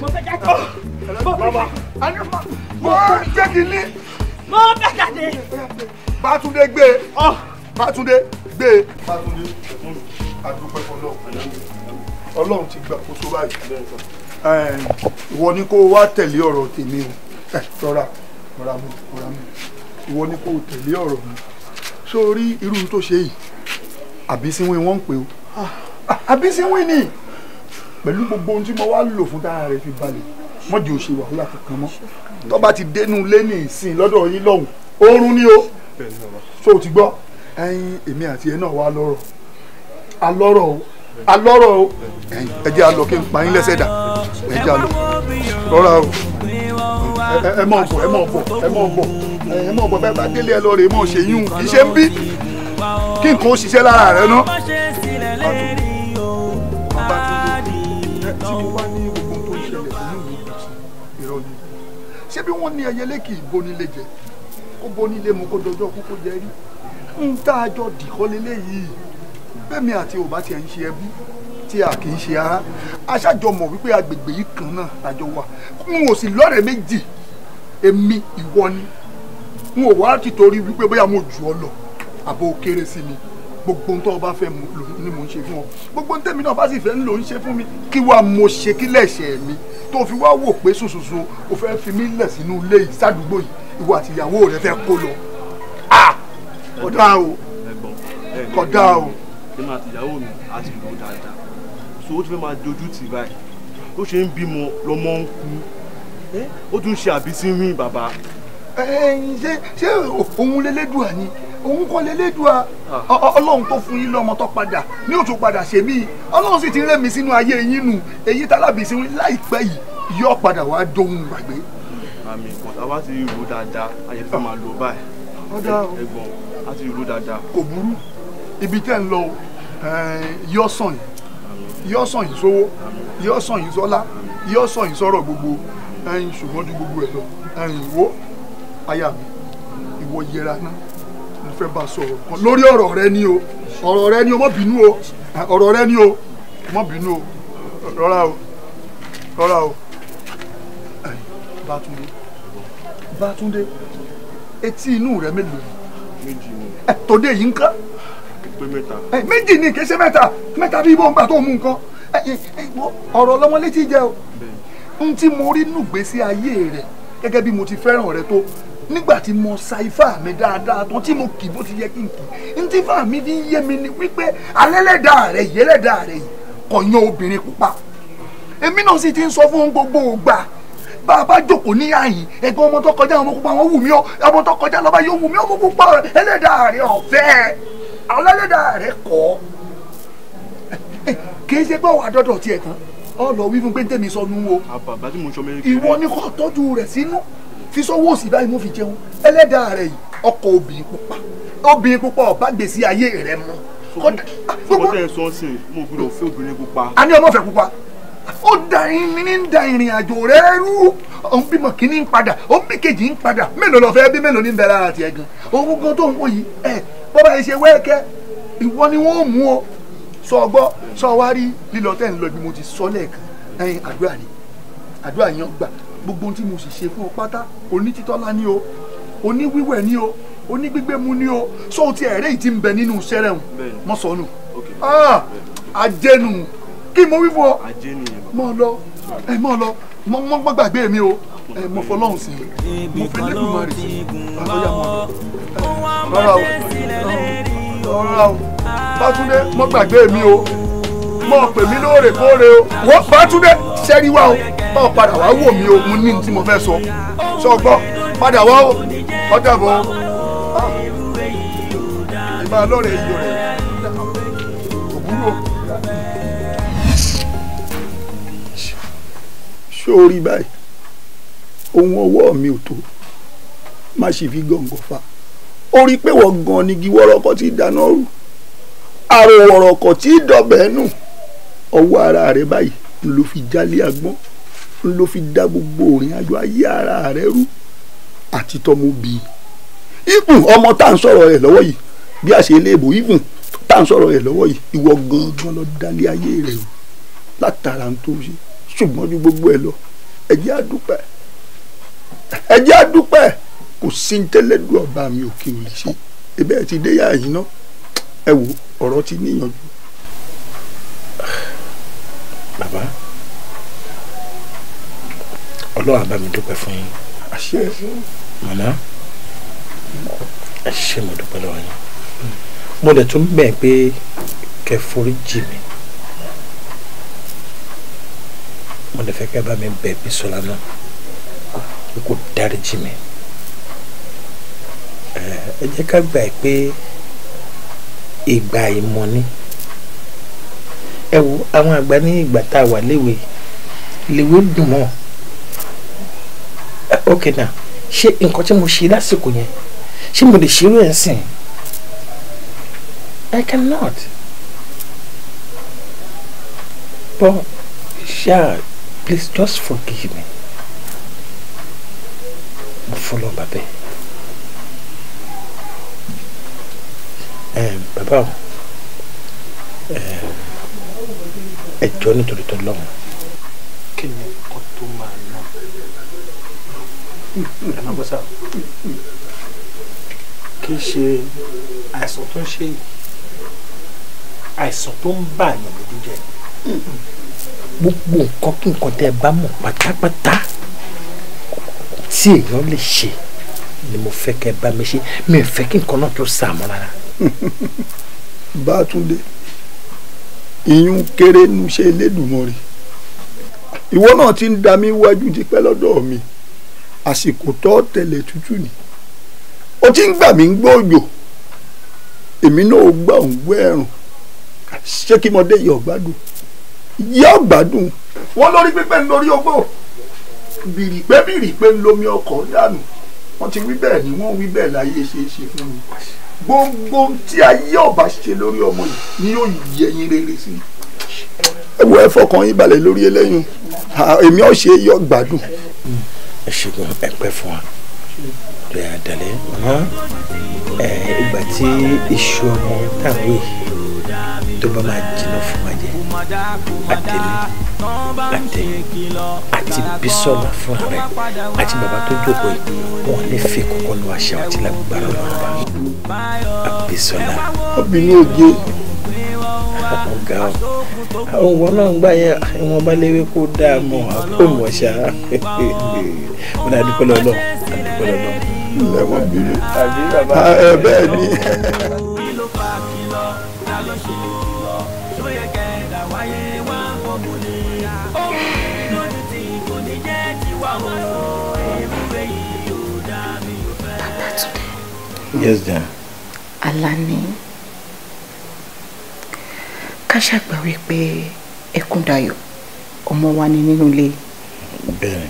mo fẹ́ jáde. bàbá mo jẹ́ kí n ní. mo fẹ́ jáde. Bátúndé gbé Bátúndé gbé Bátúndé àdúpẹ́ ọlọ́run ọlọ́run ti gbàkóso báyìí eh, ìwọ ni kó wá tẹ̀lé ọ̀rọ̀ tèmi o eh, rọra rọra mu rọra mu ìwọ ni kó tẹ̀lé ọ̀rọ̀ mi sórí irú tó ṣe yìí àbísínwín wọ́n ń pè ó àbísínwín ni pẹ̀lú gbogbo ohun tí mo wá lò fún tára rẹ̀ fi balẹ̀ mọ́dì ò ṣe wàhálà kankan mọ́ tó ti dénú lé ní ìsìn lọ́dọ̀ yín lọ́hùn oorun ni o so ti gbọ́ ẹyin èmi àti ẹ náà wà lọ́rọ̀ alọ́rọ̀ o alọ́rọ̀ o ẹ jẹ́ alọ́ kí n pa yín lẹ́sẹ̀ dà ẹ jẹ́ alọ́ rọra o ẹ mọ̀ bọ̀ ẹ mọ̀ bọ̀ ẹ mọ̀ bọ̀ ẹ mọ̀ bọ̀ bẹ́ẹ̀ bá délé ẹ lọ rè é mọ̀ ṣe yún kì í ṣe ń bí kí nǹkan ó ṣiṣẹ́ lára rẹ ná. ṣé bí wọ́n ní ẹyẹlé kì í kó bonilé mu kó dọjọ́ kú kó jẹ rí ń tá a jọ dìkọ́ leléyìí bẹ́ẹ̀mi àti òbá tiẹ̀ ń ṣe ẹbí tí a kì í ṣe ara aṣáájọ wípé agbègbè yìí kan náà lájọ wà n ò sì lọ́rẹ̀ẹ́ méjì èmi ìwọ ni n ò wá ti torí wípé bóyá mo jù ọ lọ àbò kéré sí mi gbogbo ohun tó o bá fẹ́ ni mò ń ṣe fún ọ gbogbo ohun tẹ́mi náà bá sì fẹ́ ń lò ń ṣe fún mi kí wàá mo ṣe kí lẹ́sẹ̀ mi tó fi wá wò pé ṣoṣoṣo o fẹ́ fi mí lẹ̀ sínú ilé yìí sádùúgbò yìí ìwọ àti ìyàwó rẹ fẹ́ kó lọ kódà o kódà o. èmi àti ìyàwó mi a ti lò dáadáa so ó ti fẹ́ máa dojú tì báyìí ó ṣe ń bímọ lọmọ ń kú ó tún ṣe àbísí ń rìn bàbá. ẹ ẹ ṣé ṣé òun lélédùn àní òun kọ́ lelédùá ah. ọlọ́run tó fún yín lọ́mọ tó padà ní òtún padà ṣe mí ọlọ́run sì ti rẹ́ mi sínú ayé yín nù èyí tálábìsí láìpẹ́ yìí yóò padà wá dóhun gbàgbé. àmì ìkọ̀tà wá ti rò dáadáa ayé fẹ́ máa lò báyìí ẹ̀gbọ́n á ti rò dáadáa. kò burú ibi tẹ́ ń lọ yọ sàn yìí yọ sàn yìí sówó yọ sàn yìí sọ́lá yọ sàn yìí sọ̀rọ̀ gbogbo ṣùgbọ́n ju gbogbo ẹ̀ lọ wo aya mi ìwọ yẹra náà fẹ́ bá sọ̀rọ̀ kan lórí ọ̀rọ̀ rẹ ni o ọ̀rọ̀ rẹ ni o mọ̀ bínú o ọ̀rọ̀ rẹ ni o mọ̀ bínú o rọra o rọra o Bátúndé Bátúndé etí inú rẹ mélòó ni ẹ tòde yìí nǹkan méjì ni kì í ṣe mẹ́ta mẹ́ta bí ibò tó mú nǹkan ọ̀rọ̀ lọ́mọ létí jẹ́ o n tí mo rí nùgbésí ayé rẹ gẹ́gẹ́ bí mo ti fẹ́ràn rẹ tó nígbà tí mo sa ifá mi dáadáa tán tí mo kì bó ti yẹ kí n kì n tí ifá mi fi ń yé mi ni wípé alẹ́lẹ́dà rẹ̀ yẹ́lẹ́dà rẹ̀ yìí kò yan obìnrin pupa èmi náà sì ti ń sọ fún gbogbo ògbà bá a bá jókòó ní àyìn ẹ̀gbọ́n ọmọ tó kọjá ọmọ pupa wọn wù mí ọ ọmọ tó kọjá lọ́ba yóò wù mí ọmọ pupa ẹlẹ́dà rẹ̀ ọ̀fẹ́ alẹ́lẹ́dà rẹ̀ kọ́ kì í ṣe pé wàá dọ́dọ̀ tiẹ̀ tán ọ lọ wí fún pé ń tẹ̀mí sọnù o ìwọ ni kò tọ́jú rẹ̀ sínú fi sọ́wọ́ òsì báyìí mo fi jẹun ẹlẹ́dàá rẹ̀ yìí ọkọ̀ obìnrin pupa obìnrin pupa ọ̀bá gbèsè ayé rẹ̀ mọ́. sọgbọ́n ah, tẹ̀ sọ sí mo gbọ́dọ̀ fẹ́ obìnrin pupa. a ní ọmọ fẹ́ pupa ó da irin ní da ìrìn àjò rẹ rú òun bímọ kínní ń padà òun bí kejì ń padà mélòó lọ fẹ́ bí mélòó ní bẹ̀rẹ̀ àti ẹ̀gàn òun gan tó ń wò yìí ẹ bọ́bá yìí ṣe wẹ́ẹ́kẹ́ ìwọ ni wọ́n mú ọ sọ ọgbọ́ sọ wá rí lílọ tẹ́ ń lọ ibi mo ti sọ lẹ́ẹ̀kan ẹyin àdúrà ni àdúrà yẹn gbà gbogbo ohun tí mo sì ṣe fún ọ pátá onítítọ́lá ni o oníwíwẹ̀ ni o onígbígbému ni o sọ ti ẹ̀rẹ́ yìí ti ń bẹ nínú iṣẹ́ rẹ̀ mọ́ sọnù ah, ajẹnu kí mo wí fún ọ mọ lọ ẹ mọ lọ mọ gbàgbé mi o ẹ mọ fọlọ́hún sí i mo fẹ́ lẹ́kùn máa rè sí i àlọ́yà mọ́ ọ rárá o rárá o bátúndé mọ gbàgbé mi o mọ̀ pè mí lóòrèkóòrè o. wo bàtúndé sẹ́rí wa o mọ̀ padà wá wò mí o mo ní tí mo fẹ́ sọ sọ gbọ́ padà wá o ọjà bọ̀ o. ìbá lọ́rẹ̀ iyọ̀ rẹ̀ òbúrò. ṣé o rí báyìí ohun ọwọ́ mi ò tó má ṣe fi gọ̀ǹgọ̀ fa ó rí pé wọ́n gan ni gíwọ́rọ́kọ ti dáná rú àrò wọ̀rọ̀kọ̀ tí dọ̀bẹ́ nù. No ọwọ́ ara rẹ báyìí ń lo fi jálé agbọ́n ń lo fi dá gbogbo òrìn àjò ayé ara rẹ rú àti tọmọbi ibùn ọmọ tá à ń sọ̀rọ̀ rẹ̀ lọ́wọ́ yìí bí a ṣe léèbò ibùn tá à ń sọ̀rọ̀ rẹ̀ lọ́wọ́ yìí ìwọ gangan lọ dálé ayé rẹ o látara ń tó ṣe ṣùgbọ́n ju gbogbo ẹ lọ ẹ jẹ́ a dúpẹ́ ẹ jẹ́ a dúpẹ́ kò sí ní tẹ́lẹ̀dù ọba mi òkè òyìn ṣe ebe ẹ ti dé yáa yìí ná ẹ wo ọ̀rọ̀ ti níyànjú bàbá ọlọ́run àbá mi dúpẹ́ fún yín àṣẹ màmá ẹ ṣé mo dúpẹ́ lọ́wọ́ yín mo lè tún bẹ̀ pé kẹ́ forí jì mí mo lè fẹ́ kẹ́ bá mi bẹ̀ Bísọ́lá náà pé kó dáríjì mí ẹ jẹ́ ká gbà pé ìgbà ìmọ̀ ni ẹ wo àwọn àgbà ní ìgbà tá a wà léwe léwe dùn mọ́ ok now ṣé nǹkan tí mo ṣe lásìkò yẹn ṣé mo lè ṣerú ẹ̀ sìn I cannot but ṣáà please just forgive me mo fọlọ́ bàbẹ́ ẹ̀ bàbá o ẹ̀ ẹjọ́ nítorí tó lọ́wọ́. kí ni kò tó máa ná ẹ̀nà bọ́sà kì í ṣe àìsàn tó ń ṣe àìsàn tó ń bà yàn lójú jẹ gbogbo nǹkan kí nǹkan tẹ́ ẹ bá mọ̀ pátápátá tí èèyàn lè ṣe ni mo fẹ́ kẹ́ ẹ bá mi ṣe mi ò fẹ́ kí nǹkan náà tó sàmọ́ rárá. bá a tún dé ìyún kéré nu ṣe Elédùmarè ìwọ náà ti ń da mí wájú tipẹ́ lọ́dọ̀ mi àsìkò tó tẹ̀lẹ̀ tútù ni ó ti ń gbà mí ń gbọ́ òjò èmi náà ó gbà ń gbọ́ ẹ̀rùn ṣé kí mo dé yọ gbádùn yọ gbádùn wọn lórí pípẹ́ ń lórí ogbó bìrìpé bìrìpé ń lomi ọkọ̀ dànù wọ́n ti wí bẹ́ẹ̀ ni wọ́n wí bẹ́ẹ̀ láyé ṣeéṣe fún mi gbogbo tí ayé ọba ṣe lórí ọmọ yìí ni yóò yẹ yín rere sí i. ẹ ẹ fọkàn yín balẹ̀ lórí eléyìí èmi ò ṣe yọ gbádùn. ẹ ṣègùn ẹ fún wa rẹ àdàlẹ ẹ ìgbà tí iṣu ọmọ táwọn èyí tó bá máa jiná fún wa jẹ àtẹlẹ láti àti Bísọ́lá fúnra rẹ̀ àti bàbá tó jókòó yìí wọn lè fi kọ́kọ́ lu àṣà àti lágbára lọ́wọ́ bá Bísọ́lá. obìnrin oje ọ̀gá àwọn ọ̀wọ́ náà ń gbà yẹn ìwọ̀n bá léwé kó dáa mọ́ àkóòmù ọ̀ṣà wọn àdúpẹ́ lọ́lọ́ àdúpẹ́ lọ́lọ́. ẹ wọ́n bínú. ẹ bẹ́ẹ̀ ni. yes dear. Alani ká ṣàgbà wípé Ẹkúndayọ̀ ọmọ wa ni nínú ilé bẹ́ẹ̀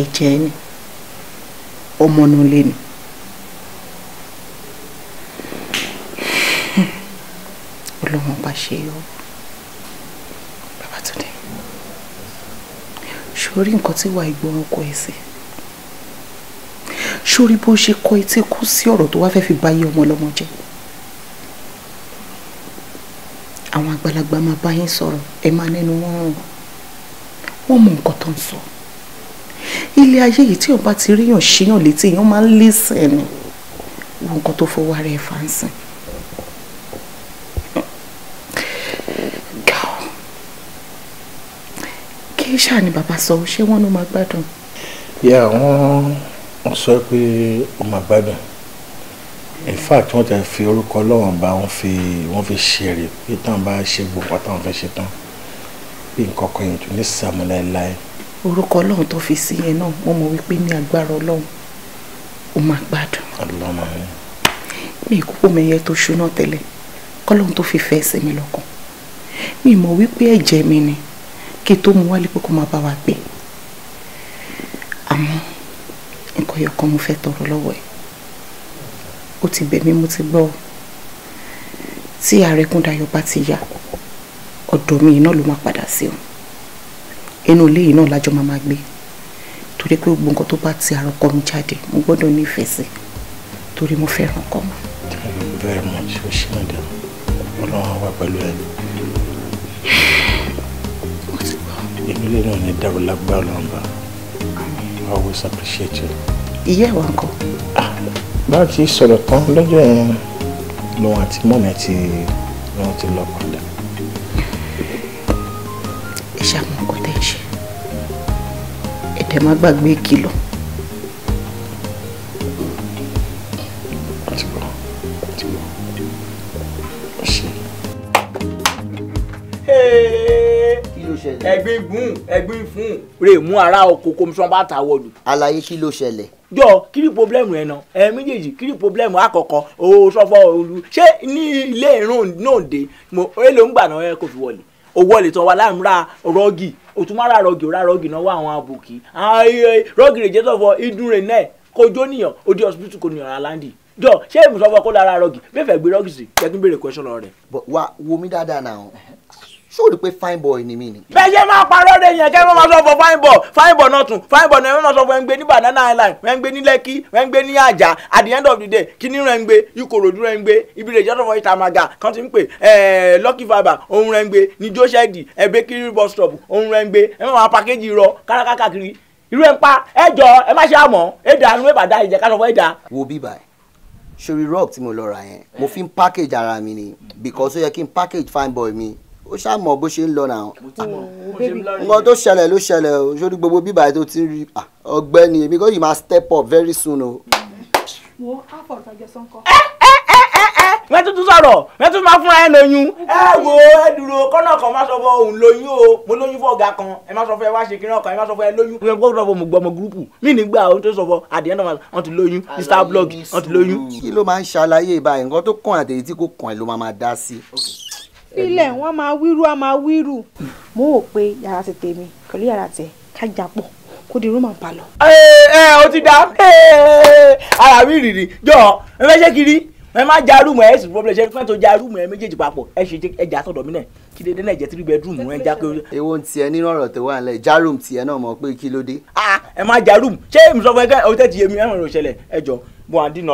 ẹ̀jẹ̀ ni ọmọ inú ilé ni. ọlọ́run bá ṣe yọ Babátúndé sórí nǹkan tí wàá gbọ́ ọkọ ẹ̀ sórí bó ṣe kọ etí kú sí ọ̀rọ̀ tó wá fẹ́ fi ba ayé ọmọ ọlọ́mọ jẹ́ àwọn àgbàlagbà máa bá yín sọ̀rọ̀ ẹ máa nínú wọn rùn wọ́n mọ nǹkan tó ń sọ ilé ayé yìí tí ọba ti ríyàn ṣíyàn létí èèyàn máa ń lé sẹ́ni wo nǹkan tó fọwọ́ ara ẹ̀ fà ń sìn. kí ṣáà ni bàbá sọ ṣé wọ́n ló máa gbádùn. yà wọ́n wọ́n sọ pé ó máa gbádùn in fact wọ́n ti fi orúkọ ọlọ́wọ̀n bá wọ́n fi wọ́n fi ṣèrè pé táwọn bá ṣe gbogbo táwọn fẹ́ ṣe tán bí nǹkan kan yìí tún ní sàmúlẹ̀ láì. orúkọ ọlọ́run tó fi sí yẹn náà wọ́n mọ̀ wípé ní agbára ọlọ́run ó máa gbádùn. ọlọ́run mi ìkókò mẹ́yẹ tó ṣúná tẹ́lẹ̀ kọ́lọ́run tó fi fẹ́ sí mi lọ́kàn mi mọ̀ wípé ẹ̀jẹ̀ mi ni kí n tó mu wálé pé kó máa bá wa gbé. nǹkan yọkan mo fẹ́ tọrọ lọ́wọ́ ẹ̀ ó ti bẹ̀ mí mo ti gbọ́ tí Àrẹ̀kúndayọ̀ bá ti yá ọ̀dọ̀ mi náà ló máa padà sí o inú ilé yìí náà lájọ máa máa gbé torí pé gbogbo nǹkan tó bá ti àrò ọkọ mi jáde mo gbọ́dọ̀ nífẹ̀ẹ́ sí torí mo fẹ́ràn ọkọ mi. thank you very much o ṣe é dẹ ọlọ́run wà pẹ̀lú ẹ ìdílé náà ní dàrú lágbára ọlọ́run bá i always appreciate you ìyá ìwà nǹkan. Ah, báwo ti sọ̀rọ̀ tán lọ́jọ́ yẹn lòun àti mọ́mí ti lòun ti lọ padà. ìṣàmù ọkọ tẹ́ ẹ ṣe ẹ̀dẹ̀ má gbàgbé kìlọ̀. ẹgbin gùn ẹgbin fun. rè mú ara oko komisanba ta wọlù. àlàyé kí ló ṣẹlẹ̀ jọ kiri problem rẹ nà ẹ méjèèjì kiri problem àkọ́kọ́ owó sọfọ olú ṣé ní ilé ìrún náà dé mo èlò ń gbà náà ẹ kò fi wọlé owó ọ̀lẹ̀ tán wa láàmúra rọ́ọ̀gì òtúmọ̀ra rọ́ọ̀gì òra rọ́ọ̀gì náà wà àwọn àbùkí rọ́ọ̀gì rẹ̀ jẹ́ sọ̀fọ̀ idun rẹ̀ náà kojú níyàn ó dé hospital kò níyàn aláǹdì jọ ṣé ìmùsọ̀fọ̀ kó lára rọ́ọ̀gì bẹ́ẹ̀ fẹ́ gbé rọ́ọ̀gì sí kẹ́kún béèrè question lọ rẹ̀. wá wo mi na. náà ṣó rí pé fine boy ni mí ni. bẹ́ẹ̀ ṣe máa parọ́ de yẹn kẹ́ wọ́n máa sọ fún fine boy fine boy náà tún fine boy náà wọ́n máa sọ fún ẹ̀ ń gbé ní banana island ẹ̀ ń gbé ní lẹ́kí ẹ̀ ń gbé ní àjà at the end of the day kíní rẹ̀ ń gbé ìkòròdú rẹ̀ ń gbé ibi rẹ̀ ìjọ́sọ̀ fún ìtàmàgà kan ti ń pè ẹ̀ eh, lucky fibre òun rẹ̀ ń gbé ní joseph ẹ̀ bakery bus stop òun rẹ̀ ń gbé ẹ̀ máa pàkéjì rọ kárakákiri irú ẹ̀ ń pa ẹ̀ jọ ẹ̀ má ṣe àmọ́ ẹ̀dà àánú ìbàdàn ìjẹ́ ká sọ fún ẹ̀dà. wo bíbáyìí sori rock tí mo lọ ra yẹn mo fi ń package ara mi ni because ó yẹ kí n package fine boy mi ó ṣàmọ̀ bó ṣe ń lọ náà oh, nǹkan tó ṣẹlẹ̀ ló ṣẹlẹ̀ o sórí gbogbo bíbá tó ti rí ọ̀gbẹ́ni èmi kò yìí máa step up very soon o. wo apple tàjọ sọ́nkọ́. ẹ ẹ ẹ ẹ ẹ wọ́n tún tún sọ̀rọ̀ wọ́n tún máa fúnra ẹ lóyún. ẹ wo ẹ dúró kọ́nà kan má sọ fún òun lóyún o mo lóyún fún ọ̀gá kan ẹ má sọ fún ẹ wá ṣe kí náà kan ẹ má sọ fún ẹ lóyún. ìwé gbọ́dọ̀ fún mo gbọ́ ọmọ gúrúpù mí nígbà ohun tó sọ fún àdìyẹ náà wọn ti lóyún Mr Blog wọn ti lóyún. kí ló máa ń ṣàlàyé báyìí nǹkan tó kàn àtẹ̀yí tí kò kàn ẹ̀ ló máa máa dá sí. Okay filẹ̀ wọ́n máa wíru á máa wíru mo wò pé yàrá ti tèmi pẹ̀lú yàrá tẹ ká jà pọ̀ kó di roman pa lọ. ẹ ẹ o ti da ara mi rìrì jọ ẹ fẹ́ ṣe kiri ẹ má ja rúùmù ẹ sì problem ṣe fẹ́ tó ja rúùmù ẹ méjèèjì papọ̀ ẹ ṣe ẹ jà sọ̀dọ̀ mí náà kí dédé náà jẹ́ three bedroom ẹ já pé. èwo ń tiẹ̀ nínú ọ̀rọ̀ tó wà nílẹ̀ já rúùmù tiẹ̀ náà mọ̀ pé kí ló dé. Ah, ẹ má ja rúùmù ṣé èmi sọ fún ẹ ọ tẹ́ ti yé mi ẹ̀rọ ìròṣẹlẹ̀ ẹ jọ bó a dín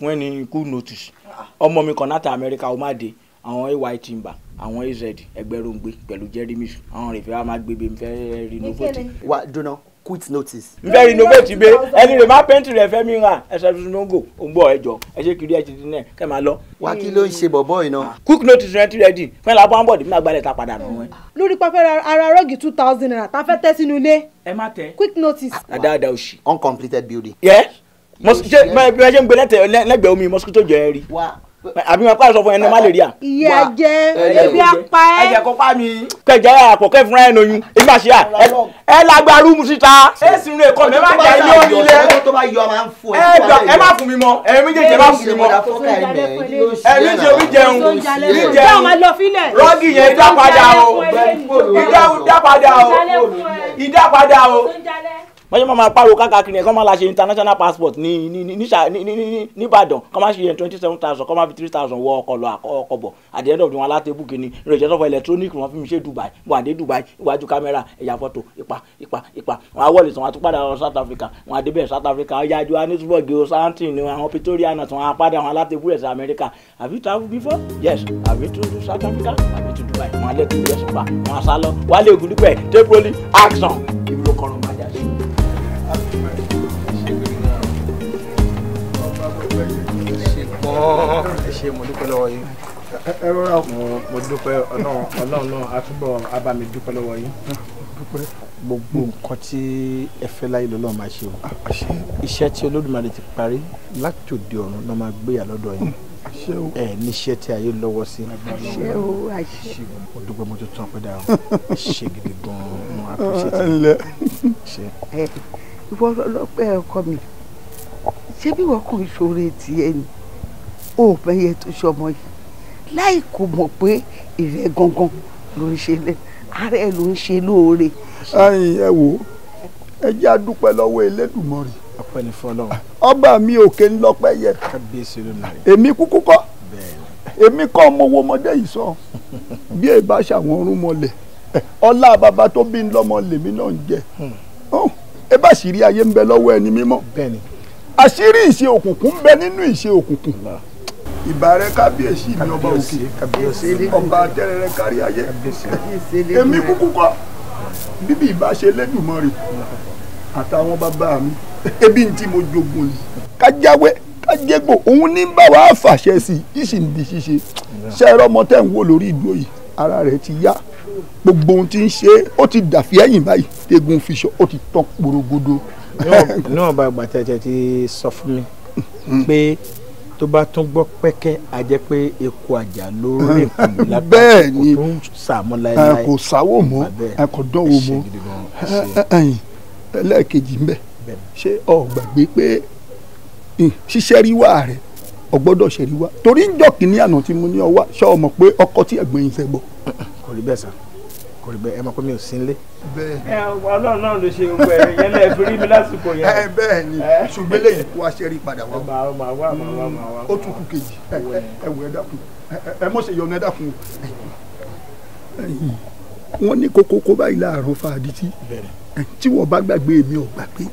fún ẹ ní cool notice ah. ọmọ mi kan láti Amẹ́ríkà ó má dé àwọn ay timber àwọn az ẹgbẹrúngbe pẹ̀lú jeremy àwọn rẹ̀ fẹ́ wá máa gbébé nfẹ́ renovate. wa dunu quit notice. nfẹ́ renovate gbé ẹni rẹ̀ máa pẹ́ǹtì rẹ̀ fẹ́ mi ra ẹsẹ̀ tuntun ló ń gò ó ń bọ̀ ẹjọ́ ẹ ṣe kiri ẹtì dín náà kẹ́ máa lọ. wa kí ló ń ṣe bọ̀bọ̀ iná. quick notice rẹ ti rẹ di fẹ́ làbọ̀ àbọ̀dì fún àgbàlẹ̀ ta padà nù. lórí pápẹ́ ara rọ́ọ̀gì two thousand naira ta fẹ́ tẹ́ sínú ilé. ẹ má tẹ. quick notice. àdáadáa òsì. uncompleted building. yẹ mọ ṣe ń gbé lẹ́gbẹ̀ẹ́ omi mosquito jẹ́ rí. wa àbí wọn pàṣẹ fún ẹni malaria. ìyá jẹ ebi apá ẹ. ẹjẹ kó pa mi. kẹjẹ àpọkẹ fúnra ẹ lóyún ebi àṣìyà ẹ lágbá rúùmù síta. ẹ sì ń re kọ́ má jẹ ilé orí ilé. ẹ má fún mi mọ ẹ méjèèjì má fún mi mọ. ẹ méjèèjì mi jẹun mi jẹun rọ́gì yẹn dá padà o ìdá padà o ìdá padà o bọ́jú máa máa pariwo káàkiri yẹn kọ́ máa la ṣe international passport ní ní ní ní nìbàdàn kọ́ máa ṣe yẹn twenty seven thousand kọ́ máa fi three thousand wọ ọkọ̀ lọ ọkọ̀ bọ̀ at the end of the one aláte búkì ni ìròyìn sọ́fọ̀ electronic wọn fi mi ṣe Dubai wọn àdé Dubai iwájú kámẹ́rà ẹ̀yà fọ́tò ipa ipa ipa wọn á wọlé sàn wọn á tún padà South Africa wọn á débẹ̀ South Africa ọjà Johannesburg o santin ni àwọn Pretoria náà tí wọn á padà wọn aláte búrẹ̀ sí America have you travel before yes have you to South Africa have you to Dubai wọn á lẹ́kùn lẹ́sùn pa wọn á sálọ wọn á lè gùn nípẹ̀ tẹ́pọ̀lì action ìbúrò kọrùn-ún májà sí i. ẹ ṣe mo dúpẹ́ lọ́wọ́ yín ẹ rọra mo dúpẹ́ ọlọ́run ọlọ́run náà á túbọ̀ á bá mi dúpẹ́ lọ́wọ́ yín dúpẹ́ gbogbo nǹkan tí ẹ fẹ́ láyé lọ́lọ́ máa ṣe o iṣẹ́ tí olódùmarè ti parí láti òde ọ̀run ló máa gbéyà lọ́dọ̀ yín ẹ níṣẹ́ tí ayé lọ́wọ́ sí àṣẹ o àṣẹ o dúpẹ́ mo tún tún ọpẹ́ dáa o ṣe gidi gan-an mo àpèṣe tí ẹ ìwọ ọlọpẹ ọkọ mi ṣé bí wọn kò ń ṣoore ni ó mẹyẹ tó ṣọmọ yìí láì kò mọ̀ pé ìrẹ́ gangan ló ń ṣe lẹ́ ààrẹ ló ń ṣe lóore. ẹ̀yin ẹ wò ẹ jẹ́ àdúpẹ́ lọ́wọ́ Elédùmarè. ọpẹ́ ni fọ́lọ́run. ọba mi òkè ń lọpẹ yẹ. kábíyèsí ló nàá. èmi kúkú kọ́ èmi kọ́ mo wo ọmọdé yìí sọ bí èbá ṣàwọn ọrùn mọlẹ̀ ọlá bàbá tó bí ń lọ́mọ lèmi náà ń jẹ hmm. ẹ bá sì rí ayé ń bẹ lọ́wọ́ ẹni mímọ́ àṣírí ìṣe òkùnkùn ń bẹ nínú ìṣe òkùnkùn ìbàrẹ̀ kábíyèsí mi ọba òkè ọba tẹ́rẹrẹ kárí ayé èmi kúkú kọ́ bíbí ìbá ṣe lẹ́dùnmọ́rì àtàwọn bàbá mi ebi ń tí mo jogun yìí kájáwé kájégbò òun ní bá wàá fàṣẹ sí i ìsìn di ṣíṣe ṣẹ́rọ ọmọ tẹ̀ ń wò lórí ìdúró yìí ara rẹ̀ ti yá gbogbo ohun tí ń ṣe ó ti dàfí ẹ̀yìn báyìí tegun fi ṣọ ó ti tán porogodo. níwọ̀n bá gbàtẹ́tẹ́ ti sọ fún mi hmm. pé tó bá tún gbọ́ pẹ́kẹ́ a jẹ́ pé eku àjà ló rí ìkùnlé lápá kò tún sàmú láéláé kò sáwò mọ́ kò dánwò mọ́ ẹlẹ́ẹ̀kejì ń bẹ ṣé o gbàgbé pé ṣíṣẹ́ rí wà rẹ̀ o gbọ́dọ̀ ṣe rí wà torí ń jọ kìíní àná tí mo ní ọ wá ṣé o mọ̀ pé ọkọ tí ẹ̀gbọ́n yìí fẹ́ gbọ́. kò rí bẹ́ẹ̀ sá kò rí bẹ́ẹ̀ ẹ mọ̀ pé mi ò sí nílé. bẹ́ẹ̀ ni Ọlọ́run náà ló ṣe gbogbo ẹ yẹn lẹ fi rí mi lásìkò yẹn. ẹ bẹ́ẹ̀ ni ṣùgbọ́n lẹ́yìn kó a ṣe rí padà wá ó tún kù kejì ẹ wọ ẹ dákun ẹ mọ̀ ṣe yọnu ẹ dákun. wọ́n ní kókó kó báyìí láàárọ̀ fàdítì tí wọ́n bá gbàgbé mi ò gbàgbé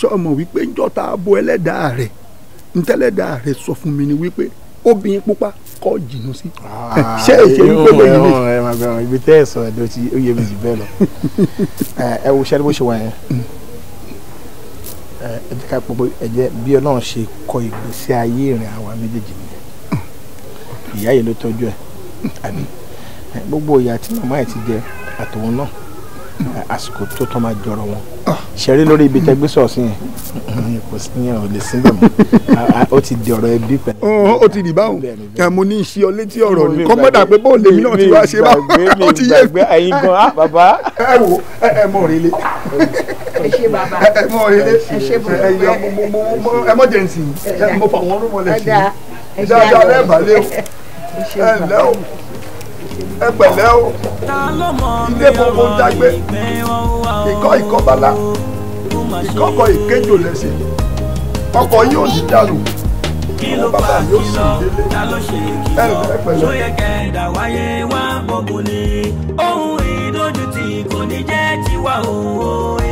sọmọ wípé ń jọta abo ẹlẹ́dàá rẹ̀ ntẹ́lẹ́dàá rẹ̀ sọ fún mi ni wípé obìnrin pupa kọ́ jìnnà sí. Ah, ṣé ìṣe ń pè lóyún mi. ẹ máa gbẹ̀rún ibi tẹ́ ẹ sọ ẹ̀dọ́ tí ó yẹ mi jù bẹ́ẹ̀ lọ. Eh, ẹ wo ṣẹ́ni bó ṣe wà yẹn. Mm. Eh, ẹ jẹ́ ká pọ̀ pé ẹ jẹ́ bí ọlọ́run ṣe kọ ìgbésí ayé ìrìn àwa méjèèjì nìyẹn. Mm. ìyá yẹn ló tọ́jú ẹ mm. àbí eh, gbogbo ìyá tí màmá ẹ ti jẹ àtòun náà àsìkò tó tán máa jọrọ wọn ṣeré lórí ibi tẹ gbé sọọsì yẹn kò sí yẹn ò lè síbẹ̀ mọ́ ó ti di ọ̀rọ̀ ẹbí pẹ̀lú. ó ti dì báwọn kí mo ní í ṣe ọ létí ọ̀rọ̀ ni kọ́ mọ́dà pé bó lèmi náà ti wá ṣe bá ó ti yé mi. Ah, ẹ wo ẹ mọ òrèlè ẹ mọ òrèlè ẹ yọ mo mo mo emergency mo fà wọn rúmọ lẹ sí i dáadáa ẹ ǹlẹ́ ẹ pẹ̀lẹ́ o ilé gbogbo ń dágbé ìkọ́ ìkọ́bálá ìkọ́kọ̀ ìkéjò lẹ́sẹ̀ ọkọ̀ yóò ní dànù àwọn bàbá yóò sì délé ẹ ẹ pẹ̀lẹ́. sóyè kẹ̀dà wáyé wá bọ̀gùn ni ohun ìdójútì kò ní jẹ́ tiwa òun òye.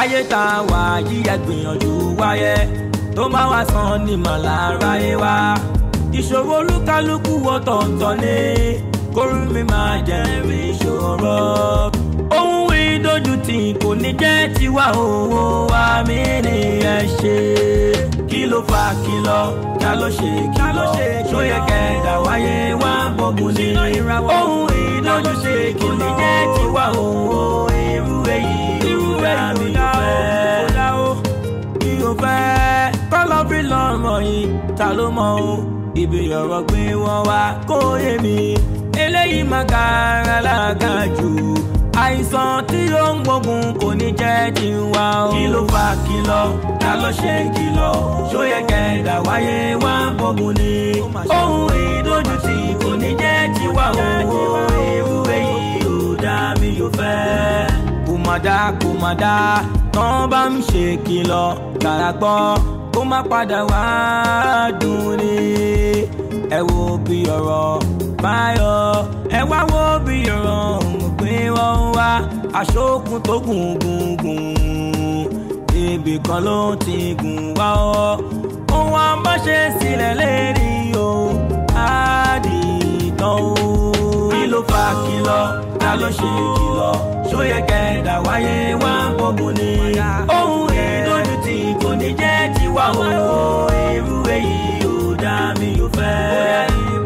ayé tá a wà yíyẹ gbìyànjú wáyé tó má wá san ní màlára yé wá ìṣòro olúkálùkù ọ̀tọ̀ọ̀tọ̀ ni kórú mi máa jẹ́ rí ìṣòro ohun ìdójútì kò ní jẹ́ tiwa owó wa mí ni ẹ ṣe kí ló fa kìlọ̀ ká ló ṣe kìlọ̀ tó yẹ kẹta wáyé wá bọ̀gùn ní ohun ìdójútì kò ní jẹ́ tiwa owó irú èyí fẹ́ mi ò fẹ́ mi ò fẹ́ kọ́lọ́fín lọ́mọ yìí ta ló mọ o ibi ọ̀rọ̀ gbé wọn wá kó yé mi eléyìí máa ka ara lága jù àìsàn tí ó ń gbógun kò ní jẹ́ ti wá o. kí ló fa kìlọ̀ ta ló ṣe kìlọ̀ ṣó yẹ kẹ̀dà wáyé wá gbógun ni. ohun ìdójútì kò ní jẹ́ ti wá o. ìwé yìí ò dá mi yóò fẹ́ má dá kó má dá tán bá ń ṣe kìlọ̀ kàrà gbọ́ kó má padà wá dùn ní ẹ wo bí ọ̀rọ̀ báyọ̀ ẹ wá wo bí ọ̀rọ̀ òpin wọn wá aṣókun tó gùn gùn gùn ibì kan ló ti gùn wá ọ ohun àbáṣe sílẹ̀ lérí o á dì í tán o ló fa kìlọ̀ ta ló ṣe kìlọ̀ ṣóyẹ kẹdà wáyé wá bọ́gùn ni. ohun ìdójú tí kò ní jẹ́ tiwa o èrú èyí ò dá mi ò fẹ́.